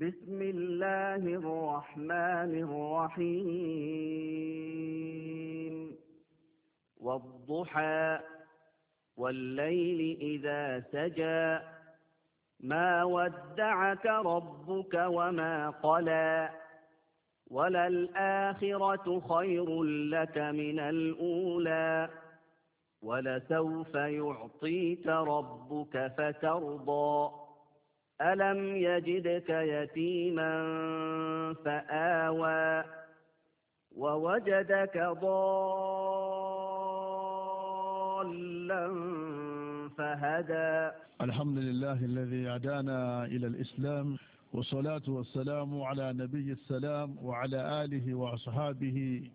بسم الله الرحمن الرحيم والضحى والليل إذا سجى ما ودعك ربك وما قلى وللآخرة خير لك من الأولى ولسوف يعطيك ربك فترضى ألم يجدك يتيما فآوى ووجدك ضالا فهدى الحمد لله الذي هدانا إلى الإسلام والصلاة والسلام على نبي السلام وعلى آله وأصحابه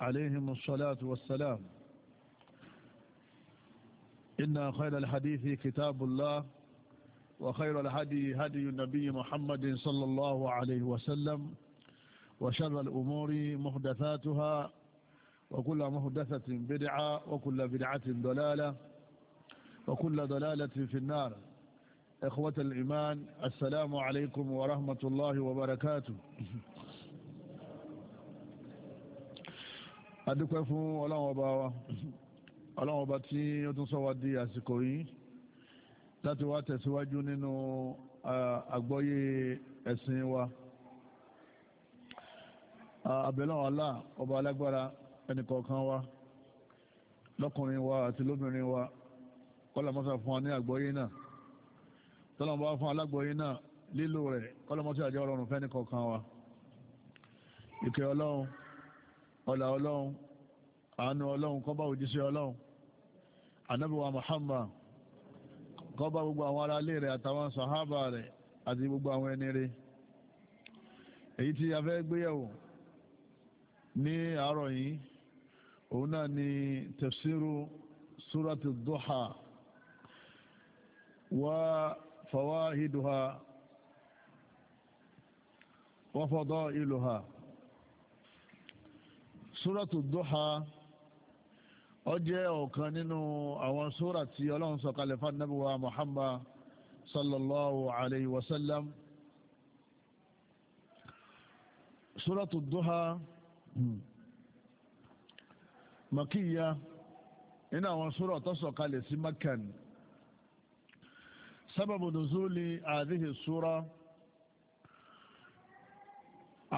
عليهم الصلاة والسلام إن خير الحديث كتاب الله وخير الهدي هدي النبي محمد صلى الله عليه وسلم وشر الأمور محدثاتها وكل محدثة بدعة وكل بدعة ضلالة وكل ضلالة في النار إخوة الإيمان السلام عليكم ورحمة الله وبركاته adúpẹ́ fún ọlọ́run ọba wa ọlọ́run ọba láti wá tẹ̀síwájú nínú àgbọ́yé ẹ̀sìn wa àbẹ̀lọ́ ọ̀la ọba alágbára ẹnìkọ̀ọ̀kan wa lọ́kùnrin wa àti lóbìnrin wa kọ́lọ̀mọ́sà fún wa ní àgbọ́yé náà tọ́lọ̀mọ́ fún alágbọ́yé náà lílò rẹ̀ kọ́lọ̀mọ́sà àjẹ́ ọlọ́run fẹ́ nìkọ̀ọ̀kan wa ìkẹ́ ọlọ́run ọlà ọlọ́run àánú ọlọ́run kọ́bá òjíṣẹ́ ọlọ́run anábíwá Muhammad kó bá gbogbo àwọn ará ilé rẹ̀ àtàwọn sàhábà rẹ̀ àti gbogbo àwọn ẹni rẹ̀ èyí tí a fẹ́ gbéyàwó ní àárọ̀ yìí òun náà ni wa súrátì dọ́hà wá fawahiduha wa ha. súrátì dọ́hà. ó jẹ́ ọ̀kan nínú àwọn sóra tí ọlọ́run sọ̀kalẹ̀ fún anábíwá muhammad sallallahu alayhi wa sallam suratu duha hmm, makiya ina àwọn sura tó sọ̀kalẹ̀ sí makan sababu nuzuli hadhihi sura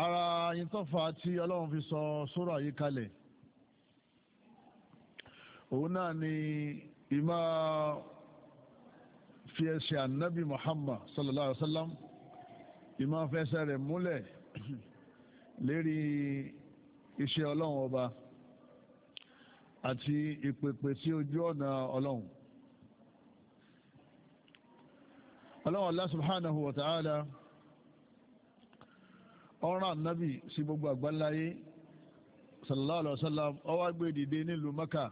ara yin tó fa tí ọlọ́run fi sọ sura yìí kalẹ̀ òun náà ni ìmá fi ẹsẹ̀ ànábì Muhammad sallallahu alaihi wa sallam ìmá fẹsẹ̀ rẹ̀ múlẹ̀ lérí iṣẹ́ ọlọ́run ọba àti ìpèpè sí ojú ọ̀nà ọlọ́run. ọlọ́run Allah subhanahu wa ta'ala ọ̀ràn ànábì sí gbogbo àgbáláyé sallallahu alaihi wa sallam ó wá nílùú Mẹ́kà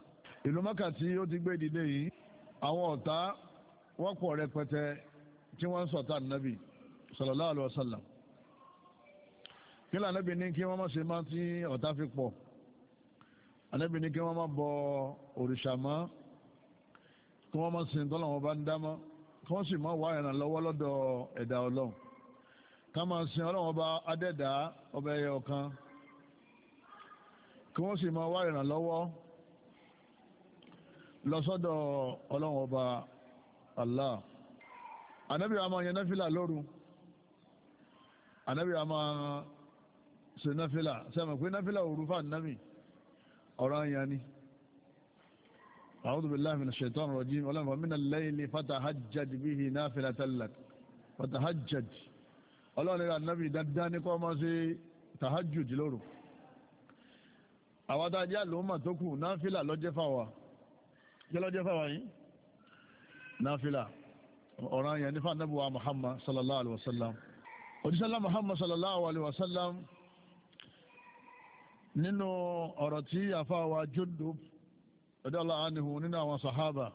ìlú mọ́kà tí ó ti gbé dìde yìí àwọn ọ̀tá wọ́n pọ̀ rẹpẹtẹ tí wọ́n ń sọ̀tà nàbì sallallahu alaihi wasallam kí lóò anábì ní kí wọ́n má ṣe má tí ọ̀tá fi pọ̀ anábì ní kí wọ́n má bọ òrìṣà mọ́ kí wọ́n má sin tọ́lọ̀ wọn bá ń dá mọ́ kí wọ́n sì má wá ìràn lọ́wọ́ lọ́dọ̀ ẹ̀dá ọlọ́run ká máa sin ọlọ́run ọba adẹ́dàá ọba ẹyẹ ọ̀kan kí wọ́n sì má wá ìrànlọ́wọ́ lọ́sọ́dọ̀ ọlọ́run ọba Allah anabi ama yẹn náfìlà lóru anabi ama ṣe náfìlà sẹ́mi pé náfìlà òru fún anabi ọ̀rọ̀ yẹn ni a'udhu billahi minash shaitani rajim ọlọ́run wa minal layli fatahajjad bihi nafilatan lak fatahajjad ọlọ́run rẹ̀ anabi dáadáa ní kọ́ ọmọ sí tahajjud lóru àwọn adájá lòún mà tó kù náfìlà lọ́jẹ́ fáwọn jẹ́lọ́jẹ́ fáwọn yìí náfílà ọ̀ràn yẹn nífà nábùwà Muhammad sallallahu alaihi wasallam òjísọ́lá Muhammad sallallahu alaihi wasallam nínú ọ̀rọ̀ tí àfáwà Jundub ọ̀dọ́lá ànihu nínú àwọn sahaba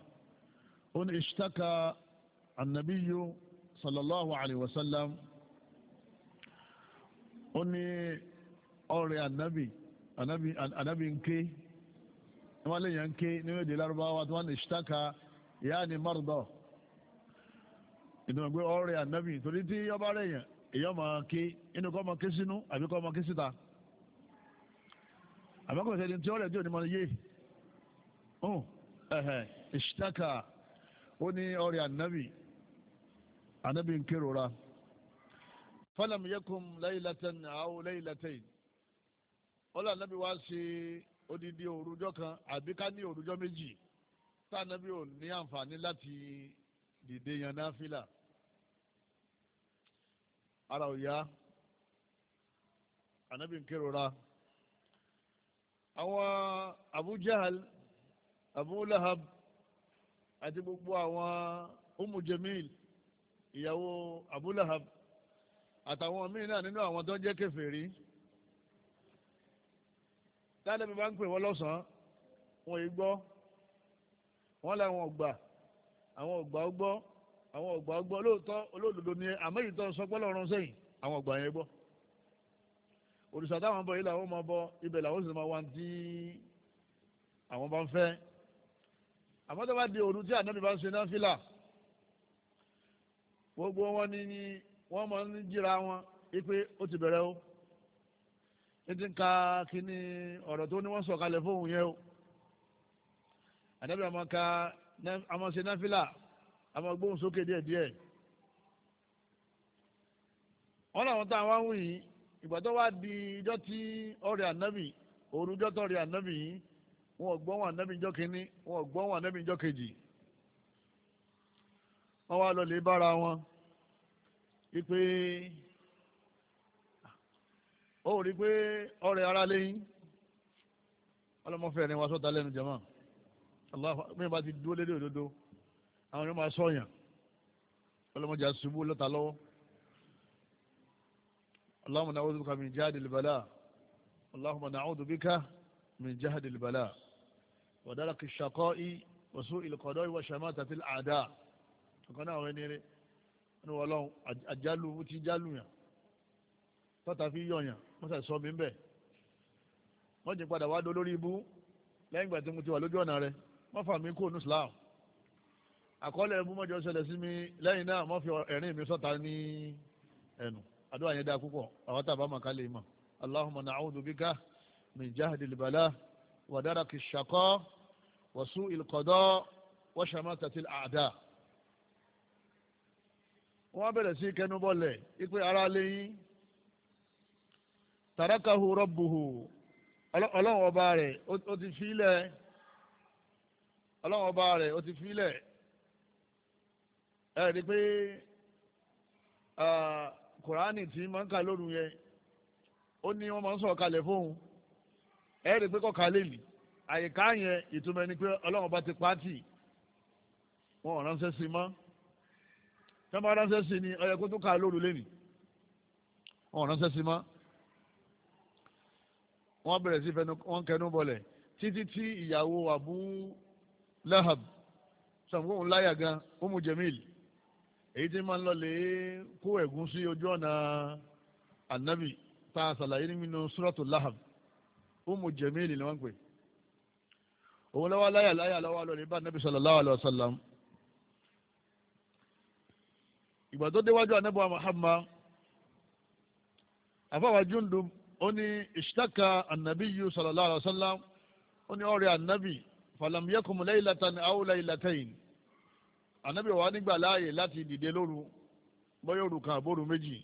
ó ní ishtaka annabiyu sallallahu alaihi wasallam ó ní ọ̀rẹ́ annabi annabi annabi nke wọ́n lè yàn ké ní èdè lárúbáwá tí wọ́n ní ṣítáka ìyá ni mọ́rùdọ̀ ìdùnnàgbé ọ̀rẹ́ ànábì torí tí ọba rẹ̀ yàn èyàn máa ké inú kọ́ máa ké sínú àbí kọ́ máa ké síta àbákọ̀ ìṣẹ́ni tí ọ̀rẹ́ tí ò ní máa yé ṣítáka ó ní ọ̀rẹ́ ànábì ànábì ń kérora fọlọ́mù yẹ́kùn láyìlátẹ́ ní àwọn láyìlátẹ́ yìí ọlọ́ ànábì wá sí odidi òrùjọ kan àbí ká ní òrùjọ méjì tànàbí ò ní àǹfààní láti dìde yan náfìlà ara ò yá ànábì ń kérora àwọn Abu Jahal Abu Lahab àti gbogbo àwọn Umu Jamil ìyàwó Abu Lahab àtàwọn míì náà nínú àwọn tó ń jẹ́ kèfèrí tálẹ́ mi máa ń pè wọ́n lọ́sàn-án wọn yìí gbọ́ wọ́n làwọn ọ̀gbà àwọn ọ̀gbà ọgbọ́ àwọn ọ̀gbà ọgbọ́ olóòótọ́ olóòdodo ni àmọ́ èyí tó ń sọ pé lọ́rùn sẹ́yìn àwọn ọ̀gbà yẹn gbọ́ òrìṣà táwọn bọ̀ yìí làwọn máa bọ ibẹ̀ làwọn sì máa wá tí àwọn bá ń fẹ́ àmọ́ tó bá di òru tí ànábì bá ń ṣe náfìlà gbogbo wọn ni wọ́n máa ń jíra wọn wípé ó ti bẹ̀rẹ̀ o títí ń ka kíní ọ̀rọ̀ tó ní wọ́n sọ kalẹ̀ fóun yẹn o àdàbí àmọ́ ka àmọ́ ṣe náfìlà àmọ́ gbóhùn sókè díẹ̀ díẹ̀ wọ́n làwọn tá a wá ń wù yìí ìgbà tó wá di ijọ́ tí ọ̀rẹ́ ànábì òru ijọ́ tó ànábì yìí wọn ò wọn ànábì ijọ́ kínní wọn ò wọn ànábì ijọ́ kejì wọ́n wá lọ lè bára wọn wípé ó rí pé ọ̀rẹ́ ara lẹ́yìn ọlọ́mọfẹ́ ni wọ́n sọ́ta lẹ́nu jẹ́mọ́ mẹ́rin bá ti dúró lédè òdodo àwọn yóò máa sọ̀yàn ọlọ́mọdé àṣubú lọ́ta lọ́wọ́ Allahumma na'udhu bika min jahdil bala Allahumma na'udhu bika min jahdil bala wa daraki shaqa'i wa su'il qada'i wa shamatati al-a'da ọ̀kan náà wọ́n ní wọ́n lọ́wọ́ àjálù ti jálù yàn tọ́ta fi yọ̀yàn wọ́n sọ mi bẹ́ẹ̀ wọ́n jẹ́ padà wá dó lórí ibú lẹ́yìn ìgbà tí mo ti wà lójú ọ̀nà rẹ̀ wọ́n fà mí kó ní Islam àkọọ́lẹ̀ mọ́jọ ṣẹlẹ̀ sí mi lẹ́yìn náà wọ́n fi ẹ̀rín mi sọ́ta ní ẹnu àdúrà yẹn púpọ̀ àwọn ká lè wa a'da wọ́n bẹ̀rẹ̀ sí kẹnubọ́lẹ̀ ara lẹ́yìn tàràkàhù rọ́bùhù ọlọ́run ọba rẹ̀ ó ti filẹ̀ ọlọ́run ọba rẹ̀ ó ti filẹ̀ ẹ pé kùránì tí máa ń kà lóru yẹn ó ní wọ́n máa ń sọ̀rọ̀ kalẹ̀ fóun ẹ rí pé kalẹ̀ lì àyíká yẹn ìtumọ̀ ti pàtì wọn ò ránṣẹ́ sí mọ́ ránṣẹ́ sí ni tó kà lóru wọ́n bẹ̀rẹ̀ sí fẹnu wọ́n kẹnu bọ̀lẹ̀ títí tí ìyàwó Abu Lahab sàmúkóhùn láyà gan Umu Jamil èyí tí máa ń lọ lè kó ẹ̀gún sí ojú ọ̀nà anabi tá a nínú suratu Lahab Umu Jamil ni wọ́n pè òun lọ́wọ́ láyà láyà lọ́wọ́ lọ́ọ́ bá anabi sallallahu alaihi wasallam ìgbà tó déwájú anabi Muhammad afáwájú ń ó ní ìṣítàkà ànàbí yìí sallallahu alaihi wasallam ó ní ọ̀rẹ́ ànàbí fàlàmìyẹ́kùn laylatan aw laylatayn ànàbí wà nígbà láàyè láti dìde lóru bóyá òru kan àbóru méjì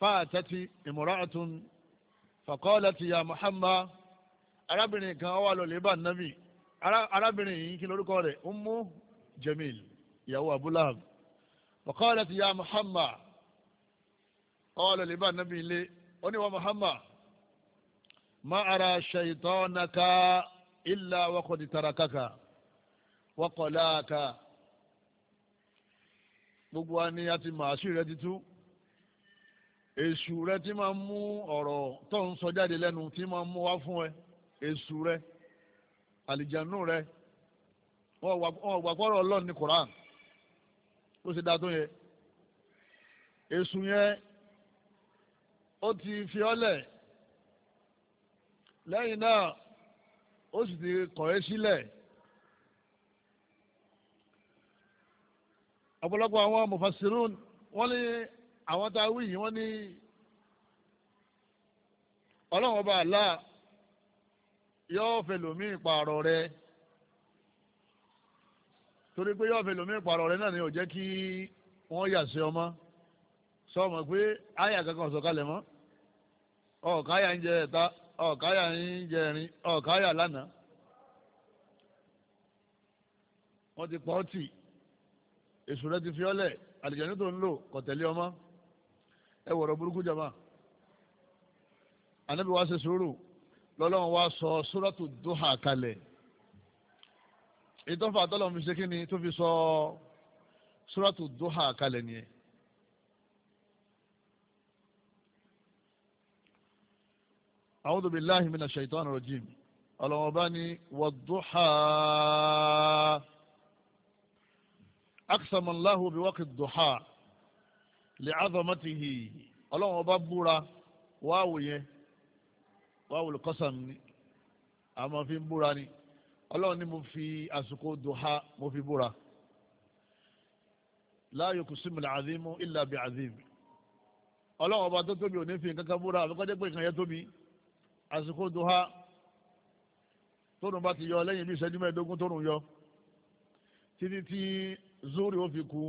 fa'atati imra'atun faqalat ya Muhammad arábìnrin kan wà lọ́lẹ́ bá ànàbí arábìnrin yìí kí lórúkọ rẹ̀ Ummu Jamil ìyàwó Abu Lahab faqalat ya Muhammad bá ànàbí ilé ó ní wa Muhammad ma ara shaitonaka illa wa qad tarakaka wa qalaaka gbogbo wa ni a ti ma si rẹ titu esu rẹ ti ma mu ọrọ tọ n sọ jáde lẹnu ti ma mu wa fun ẹ esu rẹ alijanu rẹ wọn wà pọrọ ọlọrun ní koran ó ti da tó yẹ esu yẹn ó ti fi ọ lẹ́yìn náà ó sì ti kọ̀ ẹ́ sílẹ̀. ọ̀pọ̀lọpọ̀ àwọn mufasirun wọ́n ní àwọn tá a wí yìí wọ́n ní ọlọ́run ọba àlá yóò fẹ́ lòmí ìpààrọ̀ rẹ torí pé yóò fẹ́ lòmí ìpààrọ̀ rẹ náà ni ò jẹ́ kí wọ́n yà sí ọmọ sọ ma pé àyà kankan sọ̀kalẹ̀ mọ́ ọ̀ọ́ káyà ń jẹ ẹ̀ta ọ̀káyà yín jẹrin ọ̀káyà lánàá wọ́n ti pa ọ́ tì èṣù rẹ ti fi ọ́lẹ̀ àlìjẹ́ni tó ń lò kò tẹ̀lé ọmọ ẹ wọ̀rọ̀ burúkú jama ànábì wa ṣe sùúrù lọ́lọ́run wa sọ sóràtù dúhà kalẹ̀ ìtọ́fà tọ́lọ́run ni tó fi sọ sóràtù dúhà kalẹ̀ nìyẹn. a'udhu billahi minash shaitanir rajim ọlọ́wọ́n bá ní wad-duha aqsamallahu biwaqti duha li'azamatihi ọlọ́wọ́n bá búra wáwò yẹn wáwò lùkọ́sàm ni àmọ́ fi ń búra ni ọlọ́run ni mo fi àsìkò duha mo fi búra la yuqsimu al-azimu illa bi'azim ọlọ́run ọba tó tóbi ò ní fi nǹkan kan búra àbíkọ́jẹ́ pé nǹkan yẹn tóbi àsìkò duha tóun bá ti yọ lẹ́yìn bí ìṣẹ́jú mẹ́ẹ̀ẹ́dógún tóun yọ títí tí zuri ó fi kù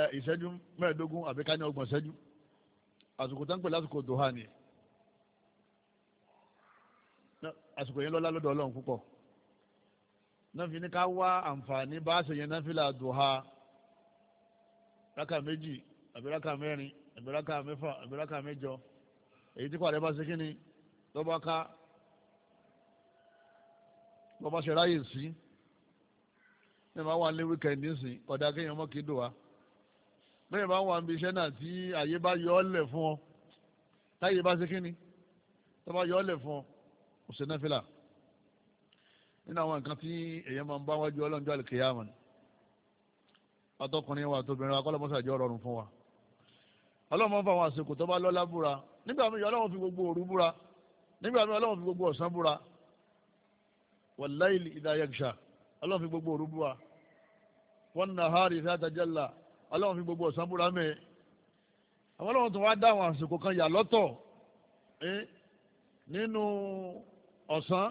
ẹ ìṣẹ́jú mẹ́ẹ̀ẹ́dógún àbí ká ní ọgbọ̀n ìṣẹ́jú àsìkò tó ń pè lásìkò duha ni àsìkò yẹn lọ́lá lọ́dọ̀ ọlọ́run púpọ̀ náà fi ní ká wá àǹfààní bá a ṣe yẹn náfìlà duha rákà méjì àbí rákà mẹ́rin àbí rákà mẹ́fà àbí rákà mẹ́jọ èyí tí pàdé bá ṣe kí ni lọ́ba ká lọ́ba ṣe ráyè sí ní ìbá wà ní wíkẹ̀ndì sí ọ̀dà kéèyàn mọ́ kí dùn wá bẹ́ẹ̀ bá wà níbi iṣẹ́ náà tí àyè bá yọ ọ́ lẹ̀ fún ọ táyè bá ṣe kí ni tọ́ba yọ ọ́ lẹ̀ fún ọ òṣè náà fìlà nínú àwọn nǹkan tí èèyàn máa ń bá wájú ọlọ́njọ́ àlùkìyàmọ̀ ni ọtọkùnrin wa tóbìnrin wa kọ́lọ́mọ́sàjọ́ rọrùn fún wa ọlọ́mọ fún àwọn àsìkò tó bá lọ́lá búra nígbà míì ọlọ́run fi gbogbo òru búra nígbà míì ọlọ́run fi gbogbo ọ̀sán búra wàláìlì ìdáyẹ̀gṣà ọlọ́run fi gbogbo òru búra wọn nà hárì ìdájájálà ọlọ́run fi gbogbo ọ̀sán búra mẹ́ẹ̀ àwọn ọlọ́run tó wá dá àwọn àsìkò kan yà lọ́tọ̀ nínú ọ̀sán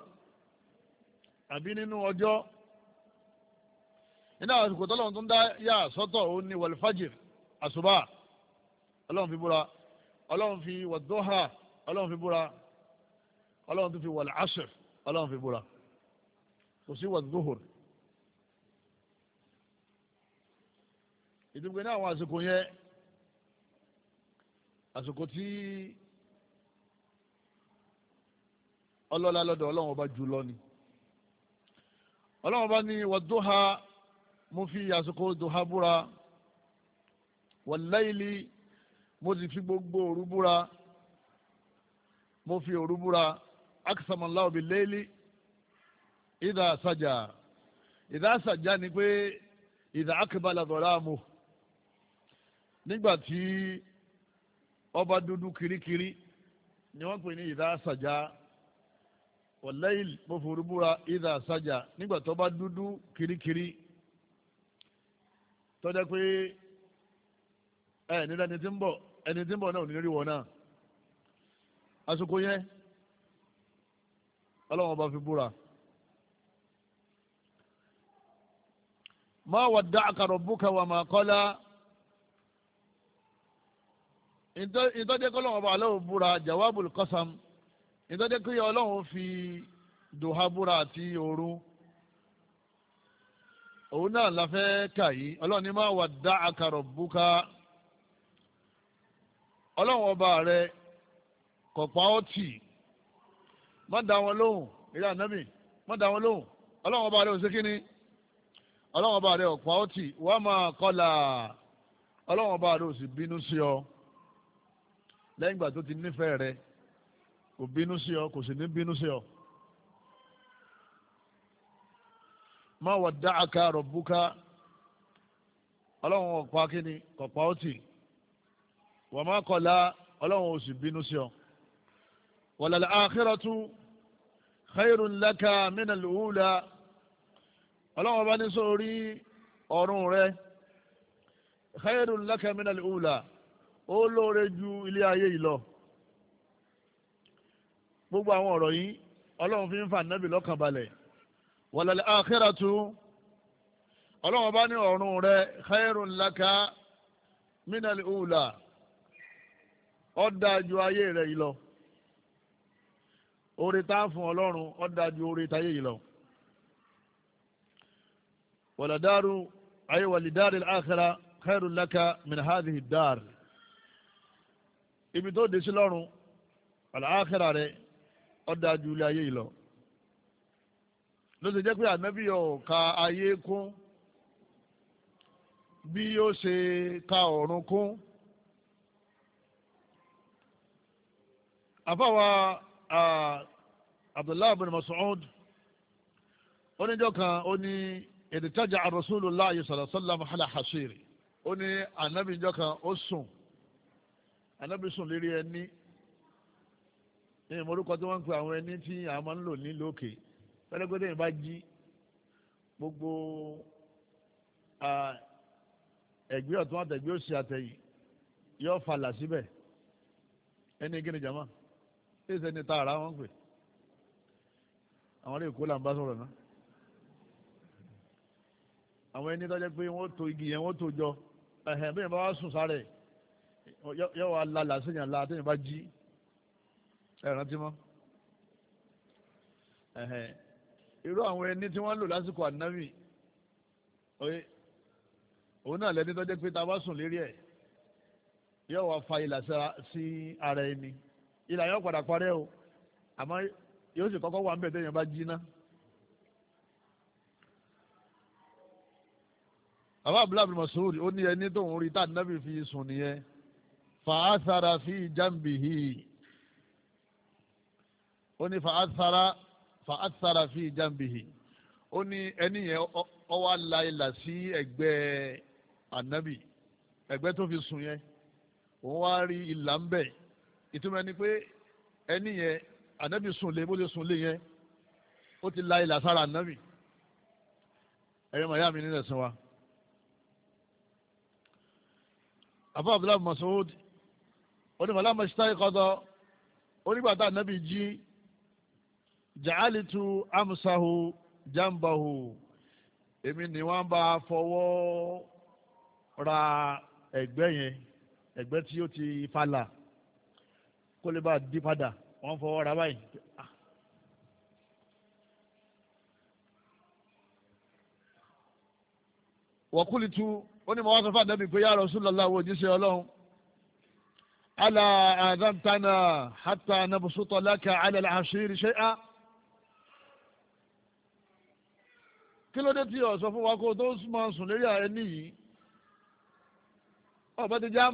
àbí nínú ọjọ́ nínú àsìkò tọ́lọ́run tó ń dá yà sọ́tọ̀ ó ní wàlúfàjì àsùbà ọlọ́run fi búra ọlọ́run fi wàdúhà ọlọ́run fi búra ọlọ́run tó fi wal asr ọlọ́run fi búra kò sí wàdúhùr ìdúgbò náà àwọn àsìkò yẹn àsìkò tí ọlọ́lá lọ́dọ̀ ọlọ́run ọba jù lọ ni ọlọ́run ọba ní wàdúhà mo fi àsìkò dùhà búra wal layli mo sì fi gbogbo òru búra mo fi òru búra akisamanla òbí léèlì ìdá sàjà ìdá sàjà ni pé ìdá akébàlà dọ̀rọ̀ àmọ́ nígbà tí ọba dúdú kirikiri ni wọ́n pè ní ìdá sàjà wọ̀lẹ́yìn mo fi òru búra ìdá sàjà nígbà tó bá dúdú kirikiri tọ́jà pé ẹ̀ nílẹ̀ ni ti ń bọ̀ ẹni tí ń bọ̀ náà ò ní rí wọn náà àsìkò yẹn ọlọ́wọ́n bá fi búra. ma wadda'aka rabbuka wa ma qala ìtọ́jẹ́ kọ́ lọ́wọ́ bá ọlọ́wọ́ búra jawabul qasam ìtọ́jẹ́ kí ọlọ́wọ́ fi dùhà búra àti òru òun náà la fẹ́ kà yìí ọlọ́run ní ma wadda'aka rabbuka ọlọ́run ọba rẹ kò pa ọ́ tì má dá wọn lóhùn eré ànábì má dá wọn lóhùn ọlọ́run ọba rẹ ò sí kíni ọlọ́run ọba rẹ ò pa ọ́ tì wọ́n máa kọ́là ọlọ́run ọba rẹ ò sì bínú sí ọ lẹ́yìn ìgbà tó ti nífẹ̀ẹ́ rẹ kò bínú sí ọ kò sì ní bínú sí ọ. má wà dá àkàrọ̀ búká ọlọ́run ọ̀pá kíni kọ̀pá ó tì wọ́n máa kọ̀lá ọlọ́run ò sì bínú sí ọ. wàlàlà àkírọ̀tù khairun laka mina lùhùlà ọlọ́run bá ní sórí ọ̀run rẹ khairun laka mina lùhùlà ó lóore ju ilé ayé yìí lọ. gbogbo àwọn ọ̀rọ̀ yìí ọlọ́run fi ń fa nábì lọ́kàn balẹ̀ wàlàlà àkírọ̀tù ọlọ́run bá ní ọ̀run rẹ khairun laka mina lùhùlà ó dáa ju ayé rẹ̀ yìí lọ oore tá a fún ọlọ́run ó dáa ju oore táyé yìí lọ. wàlàdáàrú ayé wàlìdáàrí àkàrà khairu laka min hadhihi dar ibi tó dé sí lọ́run àkàrà rẹ̀ ó ju ilé ayé yìí lọ ló jẹ́ pé ànábì ò ka ayé kún bí yóò ṣe ka ọ̀run kún. àfàwà abdullahi bin masoud oníjọ́ kan ó ní ìdítajà rasulullah sallallahu alaihi wasallam hasiri ó ní anabi ìjọ́ kan ó sùn anabi sùn lérí ẹni ní ìmọ̀lúkọ tí wọ́n ń pe àwọn ẹni tí a máa ń lò ní lókè pẹ́lẹ́gbẹ́dẹ́ yìí bá jí gbogbo ẹ̀gbẹ́ ọ̀tún àtẹ̀gbẹ́ òsì àtẹ̀yìn yóò falà síbẹ̀ ẹni gíni jama èsì ẹni ta ara wọn pè àwọn ilé ìkó là ń bá sọ̀rọ̀ náà àwọn ẹni tó jẹ́ pé wọ́n to igi yẹn wọ́n to jọ ẹ̀hẹ̀n bẹ́ẹ̀ bá wá sùn sáré yọ wà lálà séèyàn la téèyàn bá jí ẹ̀ rántí mọ́ ẹ̀hẹ̀n irú àwọn ẹni tí wọ́n lò lásìkò ànábì oye òun náà lẹni tó jẹ́ pé ta bá sùn lérí ẹ̀ yọ fa ìlà sí ara ẹni ilà yóò padà parẹ́ o àmọ́ yóò sì kọ́kọ́ wà ń bẹ̀ tẹ́yìn bá jiná. bàbá abdullahi bin masoud ó ní ẹni tó ń rí tá nàbì fi sùn nìyẹn fàásàrà fi jàǹbìhì ó ní fàásàrà fàásàrà fi jàǹbìhì ó ní ẹni yẹn ó wá la ilà sí ẹ̀gbẹ́ ànábì ẹ̀gbẹ́ tó fi sùn yẹn òun wá rí ilà ń bẹ̀ẹ́ ìtumọ̀ ẹni pé ẹni yẹn ànábì sùnlé bó ṣe sùnlé yẹn ó ti la ìlà sára ànábì ẹ̀yẹ́ màyá mi nílẹ̀ sìn wa. àbá abdullahi masoud onímọ̀lá mọ̀ṣítáì kọ́dọ̀ onígbà tá ànábì jí jàálìtú amsahu jambahu èmi ni wọ́n bá fọwọ́ ra ẹ̀gbẹ́ yẹn ẹ̀gbẹ́ tí ó ti falà kó lè bá di padà wọ́n fọwọ́ ra báyìí. wọ́kúlì tu ó ní mo wá sọ fún àdàbí pé yá Rasulullah wo òjíṣẹ́ ọlọ́run ala adantana hatta nabsuta laka ala al-ashir shay'a. kí ló dé tí fún wa kó tó máa sùn lórí ẹni yìí ọ̀bẹ ti já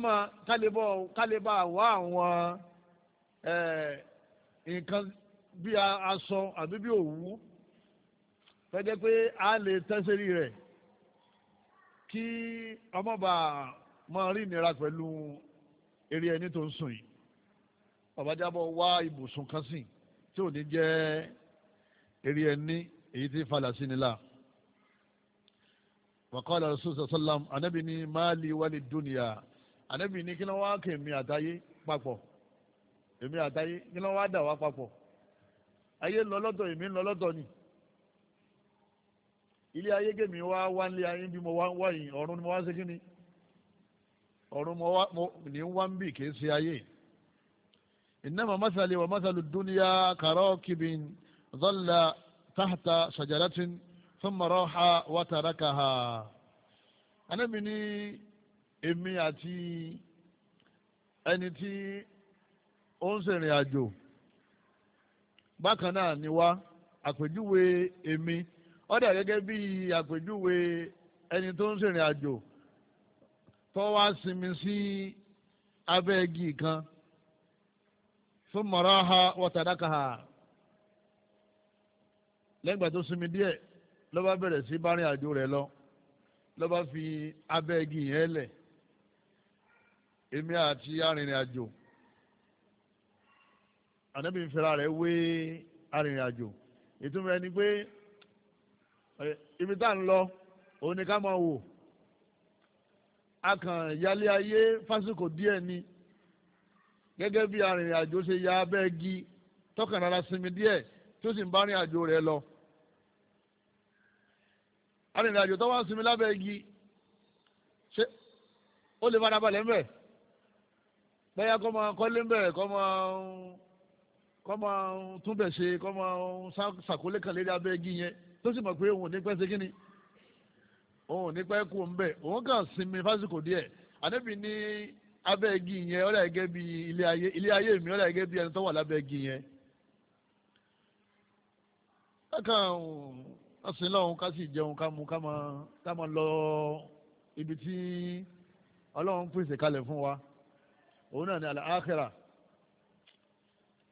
kálíbà wá àwọn Eh, nǹkan bí aṣọ àbí bí òwú fẹ́jẹ́ pé a lè tẹ́sẹ̀rí rẹ̀ kí ọmọọba máa rí ìnira pẹ̀lú eré ẹni tó ń sùn yìí ọ̀bájábọ̀ wá ibùsùn kan sí tí ò ní jẹ́ eré ẹni èyí tí falà sí nílà wàkọ́lá rasulullah sallam anabi ni máàlì wálé dúnìyà anabi ni kí wọ́n wá kèmí àtayé papọ̀ èmi àtayé kí wọ́n wá dà wá papọ̀ ayé ń lọ lọ́tọ̀ èmi ń lọ lọ́tọ̀ ni ilé ayé gèmí wá wá nílé ayé bí mo wá ń wá yìí ọ̀run ni mo wá sí kíni ọ̀run mo wá mo ní wá ń bì kìí ṣe ayé innama masali wa masalu dunya karakibin dhalla tahta shajaratin thumma raha wa tarakaha anábì ní èmi àti ẹni tí ó ń ṣèrìn àjò bákan náà ni wá àpèjúwe èmi ó dà gẹ́gẹ́ bí àpèjúwe ẹni tó ń ṣèrìn àjò tó wá sinmi sí abẹ́ igi kan fún mọ̀ráha wọ́tàdákàá lẹ́gbàá tó sinmi díẹ̀ ló bá bẹ̀rẹ̀ sí bá rìn àjò rẹ̀ lọ ló bá fi abẹ́ igi yẹn lẹ̀ èmi àti arìnrìn àjò ànábì ń fira rẹ̀ wé arìnrìnàjò ìtumọ̀ ẹni pé ibi tá à ń lọ òun ni ká máa wò a kàn yálé ayé fásitì díẹ̀ ni gẹ́gẹ́ bí arìnrìnàjò ṣe ya abẹ́ igi tọkàn rárá sinmi díẹ̀ tó sì ń bá rìn rẹ̀ lọ arìnrìnàjò tó wá sinmi lábẹ́ igi ṣé ó lè farabalẹ̀ ń bẹ̀ bẹ́ẹ̀ kọ́ máa kọ́lé ń bẹ̀ kọ́ máa kọ́ máa tún bẹ̀ ṣe kọ́ máa ṣàkólé kan lérí abẹ́ igi yẹn tó sì mọ̀ pé òun ò ní pẹ́ ṣe kí ni òun ò ní pẹ́ kú òun bẹ̀ òun kàn sinmi fásitì díẹ̀ ànábì ní abẹ́ igi yẹn ọ̀rẹ́ gẹ́gẹ́ bí ilé ayé ilé ayé mi ọ̀rẹ́ gẹ́gẹ́ bí ẹni tó wà lábẹ́ igi yẹn. kákan ọ̀sìn lọ́hùn ká sì jẹun ká mu ká máa lọ ibi tí ọlọ́run pèsè kalẹ̀ fún wa òun náà ni àlàáfíà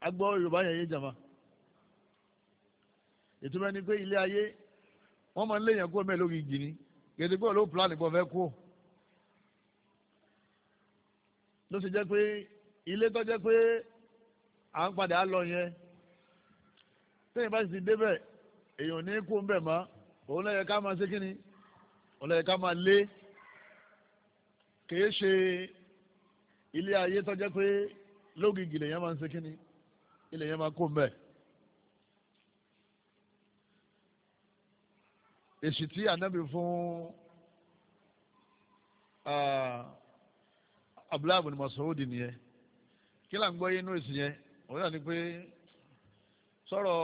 agbọ́ yorùbá yẹn yé jàmá ìtumọ̀ ni pé ilé ayé wọ́n máa ń léèyàn kó mẹ́ẹ̀ lórí ìjì ni gèdè pé olóò pílánì pọ̀ fẹ́ kú ò ló sì jẹ́ pé ilé tó jẹ́ pé à ń padà lọ yẹn téèyàn bá sì ti débẹ̀ èèyàn ní kú ń bẹ̀ mọ́ òun lẹ́yẹ ká máa ṣe kínni òun lẹ́yẹ ká máa lé kìí ṣe ilé ayé tó jẹ́ pé lógìgì lèèyàn máa ń ṣe kínni ilẹ̀ yẹn máa kó mbẹ́. èsì tí ànábì fún Abdullahi bin Mas'ud nìyẹn kí là ń gbọ́ inú èsì yẹn òun náà ni pé sọ̀rọ̀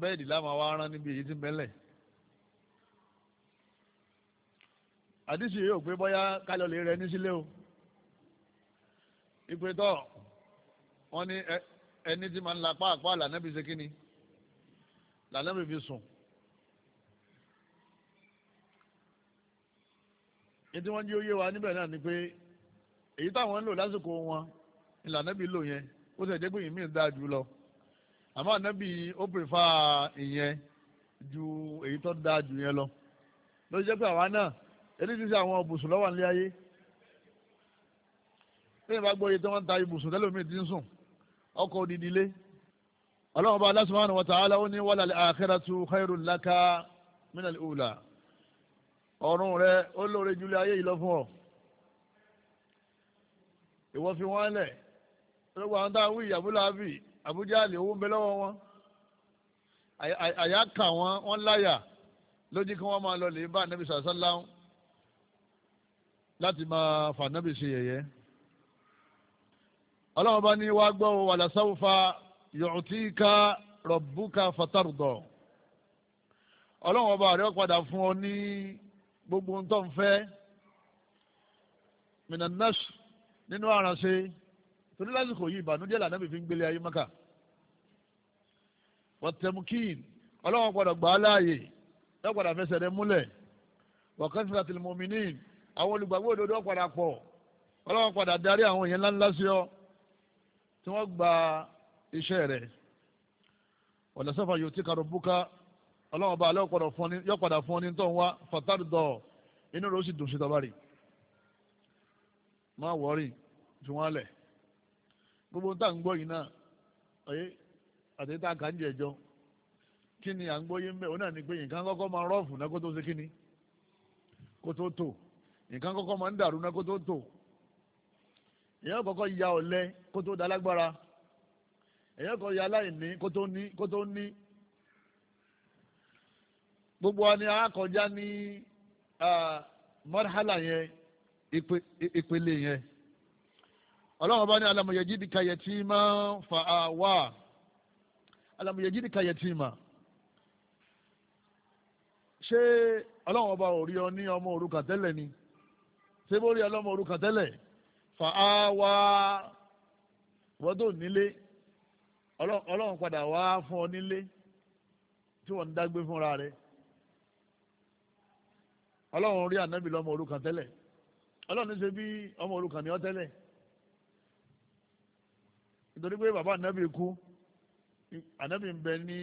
bẹ́ẹ̀dì láàmú àwa rán níbi èyí tí mẹ́lẹ̀. àdìsí yóò pé bọ́yá kálọ̀ lè rẹ ní sílé o ìpè tọ́ wọ́n ní ẹni tí máa ń la pàápàá lànàbí ṣe kíni lànàbí fi sùn. ètò wọn jí ó yé wa níbẹ̀ náà ni pé èyí táwọn ń lò lásìkò wọn ìlànàbí lò yẹn ó sì jẹ́ pé ìmíì dáa jù lọ àmọ́ ànábì ó pèfà ìyẹn ju èyí tó dáa jù yẹn lọ ló jẹ́ pé àwa náà eléyìí sí àwọn ibùsùn lọ́wọ́ nílé ayé bí ìbá gbọ́ iye tí wọ́n ń ta ibùsùn tẹ́lẹ̀ omi ti ń sùn ọkọ̀ òdìdí lé ọlọ́run bá Allah subhanahu wa ta'ala ó ní wala al-akhiratu khairul laka min al-ula ọ̀run rẹ ó lóore jùlọ ayé yìí lọ fún ọ ìwọ fi wọ́n lẹ̀ lọ́gbà àwọn táwọn wíyà búláàbì àbújá àlè owó ń bẹ lọ́wọ́ wọn àyà kà wọn wọn láyà lójú kí wọ́n máa lọ lè bá ànábì sallallahu láti máa fà ànábì ṣe yẹ̀yẹ́ ọlọ́run bá ní wá gbọ́ wàlà sáwùfà yu'tika rabbuka fatarda ọlọ́run ọba rẹ̀ padà fún ọ ní gbogbo ohun tó ń fẹ́ minanas nínú àránṣe torí lásìkò yìí ìbànújẹ́ lànà mi fi ń gbélé ayé mọ́kà wọ́tẹ̀mùkín ọlọ́wọ́n gbọ́dọ̀ gbà á láàyè lọ́gbàdà fẹsẹ̀ rẹ múlẹ̀ wọ́kẹ́sìlá tìlmọ̀mìnín àwọn olùgbàgbọ́ òdodo padà pọ̀ ọlọ́wọ́n padà darí àwọn èèyàn ńláńlá sí ọ tí wọ́n gba iṣẹ́ rẹ̀ ọ̀lẹ́sẹ̀fà yóò ti kàrọ̀ búkà ọlọ́wọ́n bá alẹ́ yọ̀padà fún ọ tó ń wá fàtàdọ̀ inú rẹ̀ ó sì dùn gbogbo tá ń gbọ́ yìí náà ọ̀yẹ́ àti tá a kà ń ni à ń gbọ́ ó náà ní pé nǹkan kọ́kọ́ máa rọ́ọ̀fù náà kó tó èyàn kọ́kọ́ ya ọ̀lẹ kó tó da lágbára èyàn kọ́kọ́ ya aláìní kó tó ní kó tó ní gbogbo wa ni akọjá ní marhala yẹn ìpele yẹn ọlọ́run bá ní alamuyẹ̀jì di kayetima fa awa alamuyẹ̀jì di kayetima ṣé ọlọ́run ọba ò ọ ní ọmọ òrukàn tẹ́lẹ̀ ni ṣé bó rí ọlọ́mọ òrukàn tẹ́lẹ̀ fa awa wọ́dọ̀ nílé ọlọ́run padà wá fún ọ nílé tí wọ́n ń dágbé fúnra rẹ̀ ọlọ́run rí ànábì lọ́mọ òrukàn tẹ́lẹ̀ ọlọ́run ṣe bí ọmọ òrukàn ni ọ tẹ́lẹ̀ nítorí pé bàbá ànábì kú ànábì ń bẹ ní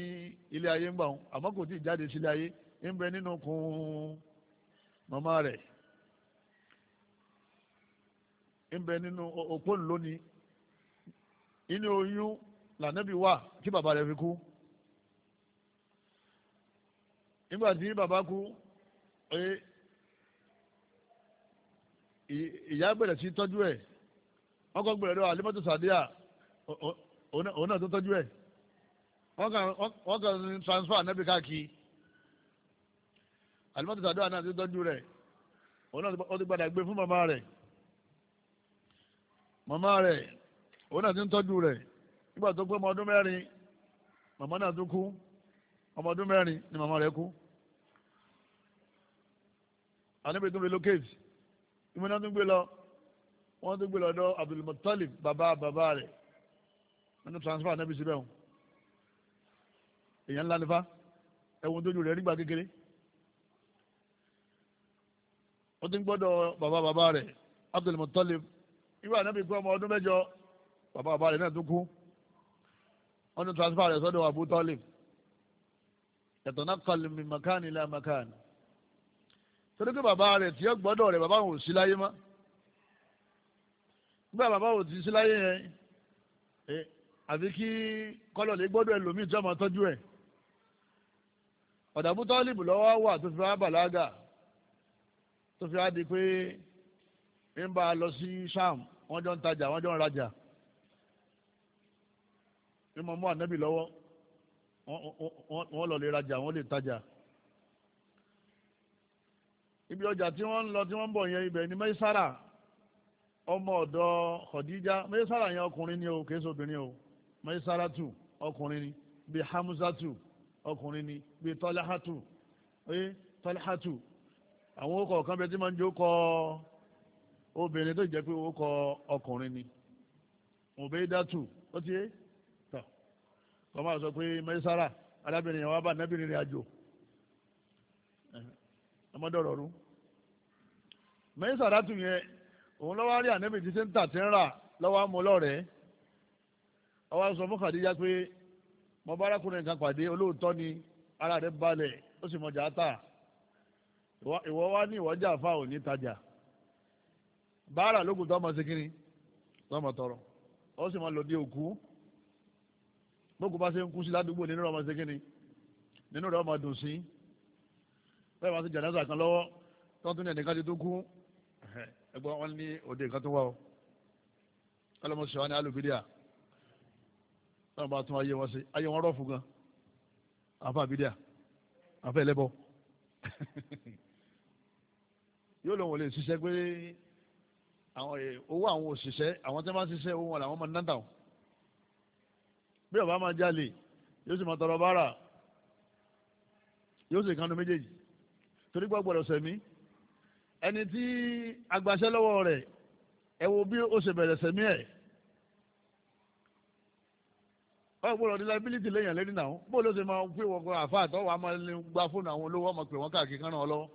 ilé ayé ń gbà wọn àmọ́ kò tí ì jáde sílé ayé ń bẹ nínú kun màmá rẹ̀ ńbẹ nínú òpó ńlónìí inú oyún lànàbí wà tí bàbá rẹ̀ fi kú nígbà tí bàbá kú ìyá gbẹ̀rẹ̀ sí tọ́jú ẹ̀ wọ́n kọ́ gbẹ̀rẹ̀ lọ àlímọ́tò sàdíà òun náà tó tọ́jú ẹ̀ wọ́n kàn ní transfer ànábì káàkiri àlímọ́tò sàdíà náà tó tọ́jú rẹ̀ òun náà ó ti gbàdá gbé fún màmá rẹ̀ màmá rẹ̀ òun náà ti ń tọ́jú rẹ̀ nígbà tó pé ọmọ ọdún mẹ́rin màmá náà tún kú ọmọ ọdún mẹ́rin ni màmá rẹ̀ kú àníbi tó relocate ìmọ̀ náà tún gbé lọ wọ́n tún gbé lọ ọ̀dọ̀ Abdulmutalib bàbá bàbá rẹ̀ nínú transfer níbi síbẹ̀ wọn èèyàn ńlá nífa ẹ̀wọ̀n tójú rẹ̀ nígbà kékeré ó ti ń gbọ́dọ̀ bàbá bàbá rẹ̀ Abdulmutalib irú ànábì pé ọmọ ọdún mẹ́jọ bàbá bàbá rẹ̀ náà tó kú wọ́n ní transfer rẹ̀ sọ́dọ̀ Abu Talib ẹ̀tọ́ náà kọlu mi makani ilẹ̀ makani torí pé bàbá rẹ̀ tí ó gbọ́dọ̀ rẹ̀ bàbá òun ò sí láyé mọ́ nígbà bàbá òun ti sí láyé yẹn àfi kí kọ́lọ̀ lè gbọ́dọ̀ ẹlòmíì tí wọ́n máa tọ́jú ẹ̀ ọ̀dà Abu wà tó fi wá bàlágà tó fi wá di pé ń bá a lọ sí sam wọ́n jọ ń tajà wọ́n jọ ń rajà ní mo mú ànábì lọ́wọ́ wọ́n lọ lè rajà wọ́n lè tajà ibi ọjà tí wọ́n ń lọ tí wọ́n ń bọ̀ yẹn ibẹ̀ ni mẹ́sára ọmọ ọ̀dọ̀ Khadija mẹ́sára yẹn ọkùnrin ni o kìí ṣe obìnrin o mẹ́sára tù ọkùnrin ni bíi Hamza tù ọkùnrin ni bíi Talha tù eh, Talha tù àwọn ọkọ̀ kan bẹ tí máa ń jó kọ́ ọ obìnrin tó jẹ́ pé ó kọ ọkùnrin ni òbí dátù ó ti yé tọ̀ kọ́ máa sọ pé mẹ́sára arábìnrin yẹn wá bá nábìnrin rẹ̀ àjò ọmọdọ̀rọ̀ rú mẹ́sára tù yẹn òun lọ́wọ́ rí ànábì tí ṣe ń tà tí ń rà lọ́wọ́ mú lọ́rẹ̀ẹ́ ọwọ́ sọ fún Khadija pé mo bá arákùnrin kan pàdé olóòótọ́ ni ara rẹ̀ balẹ̀ ó sì mọ̀jà ta ìwọ wá ní ìwọ́jà fáwọn ò báárà lókùn tó ọmọ ṣe kiri tó ọmọ tọrọ ó sì máa lọ dé òkú bókù bá ṣe ń kú sí ládùúgbò nínú ọmọ ṣe kiri nínú rẹ ọmọ dùn sí bẹ́ẹ̀ máa ṣe jàdásà kan lọ́wọ́ tó tún ní ẹnìkan ti tó kú ẹgbọ́n wọn ní òde kan tó wà ó ọlọ́mọ sọ ní alùbídíà wọn bá tún ayé wọn ṣe ayé wọn rọ̀ fún gan àfa bídíà àfa ẹlẹ́bọ yóò lóun ò lè ṣiṣẹ́ pé. Eh, owó àwọn òṣìṣẹ́ àwọn tí wọ́n bá ń ṣiṣẹ́ owó wọn làwọn máa ń dáńdà wọn bí ọba máa jalè yóò sì máa tọrọ báárà yóò sì kánú méjèèjì torí gbọ́gbọ́dọ̀ sẹ̀mí ẹni tí agbaṣẹ́ lọ́wọ́ rẹ̀ ẹ wo bí ó ṣe bẹ̀rẹ̀ sẹ̀mí ẹ̀ wọ́n gbọ́dọ̀ ní liability lẹ́yìn lẹ́yìn náà bó ló ṣe máa ń pè wọ́n kọ́ àfáà tó wàá máa gba fóònù àwọn olówó ọmọ pè wọ́n káàkiri kán náà lọ́wọ́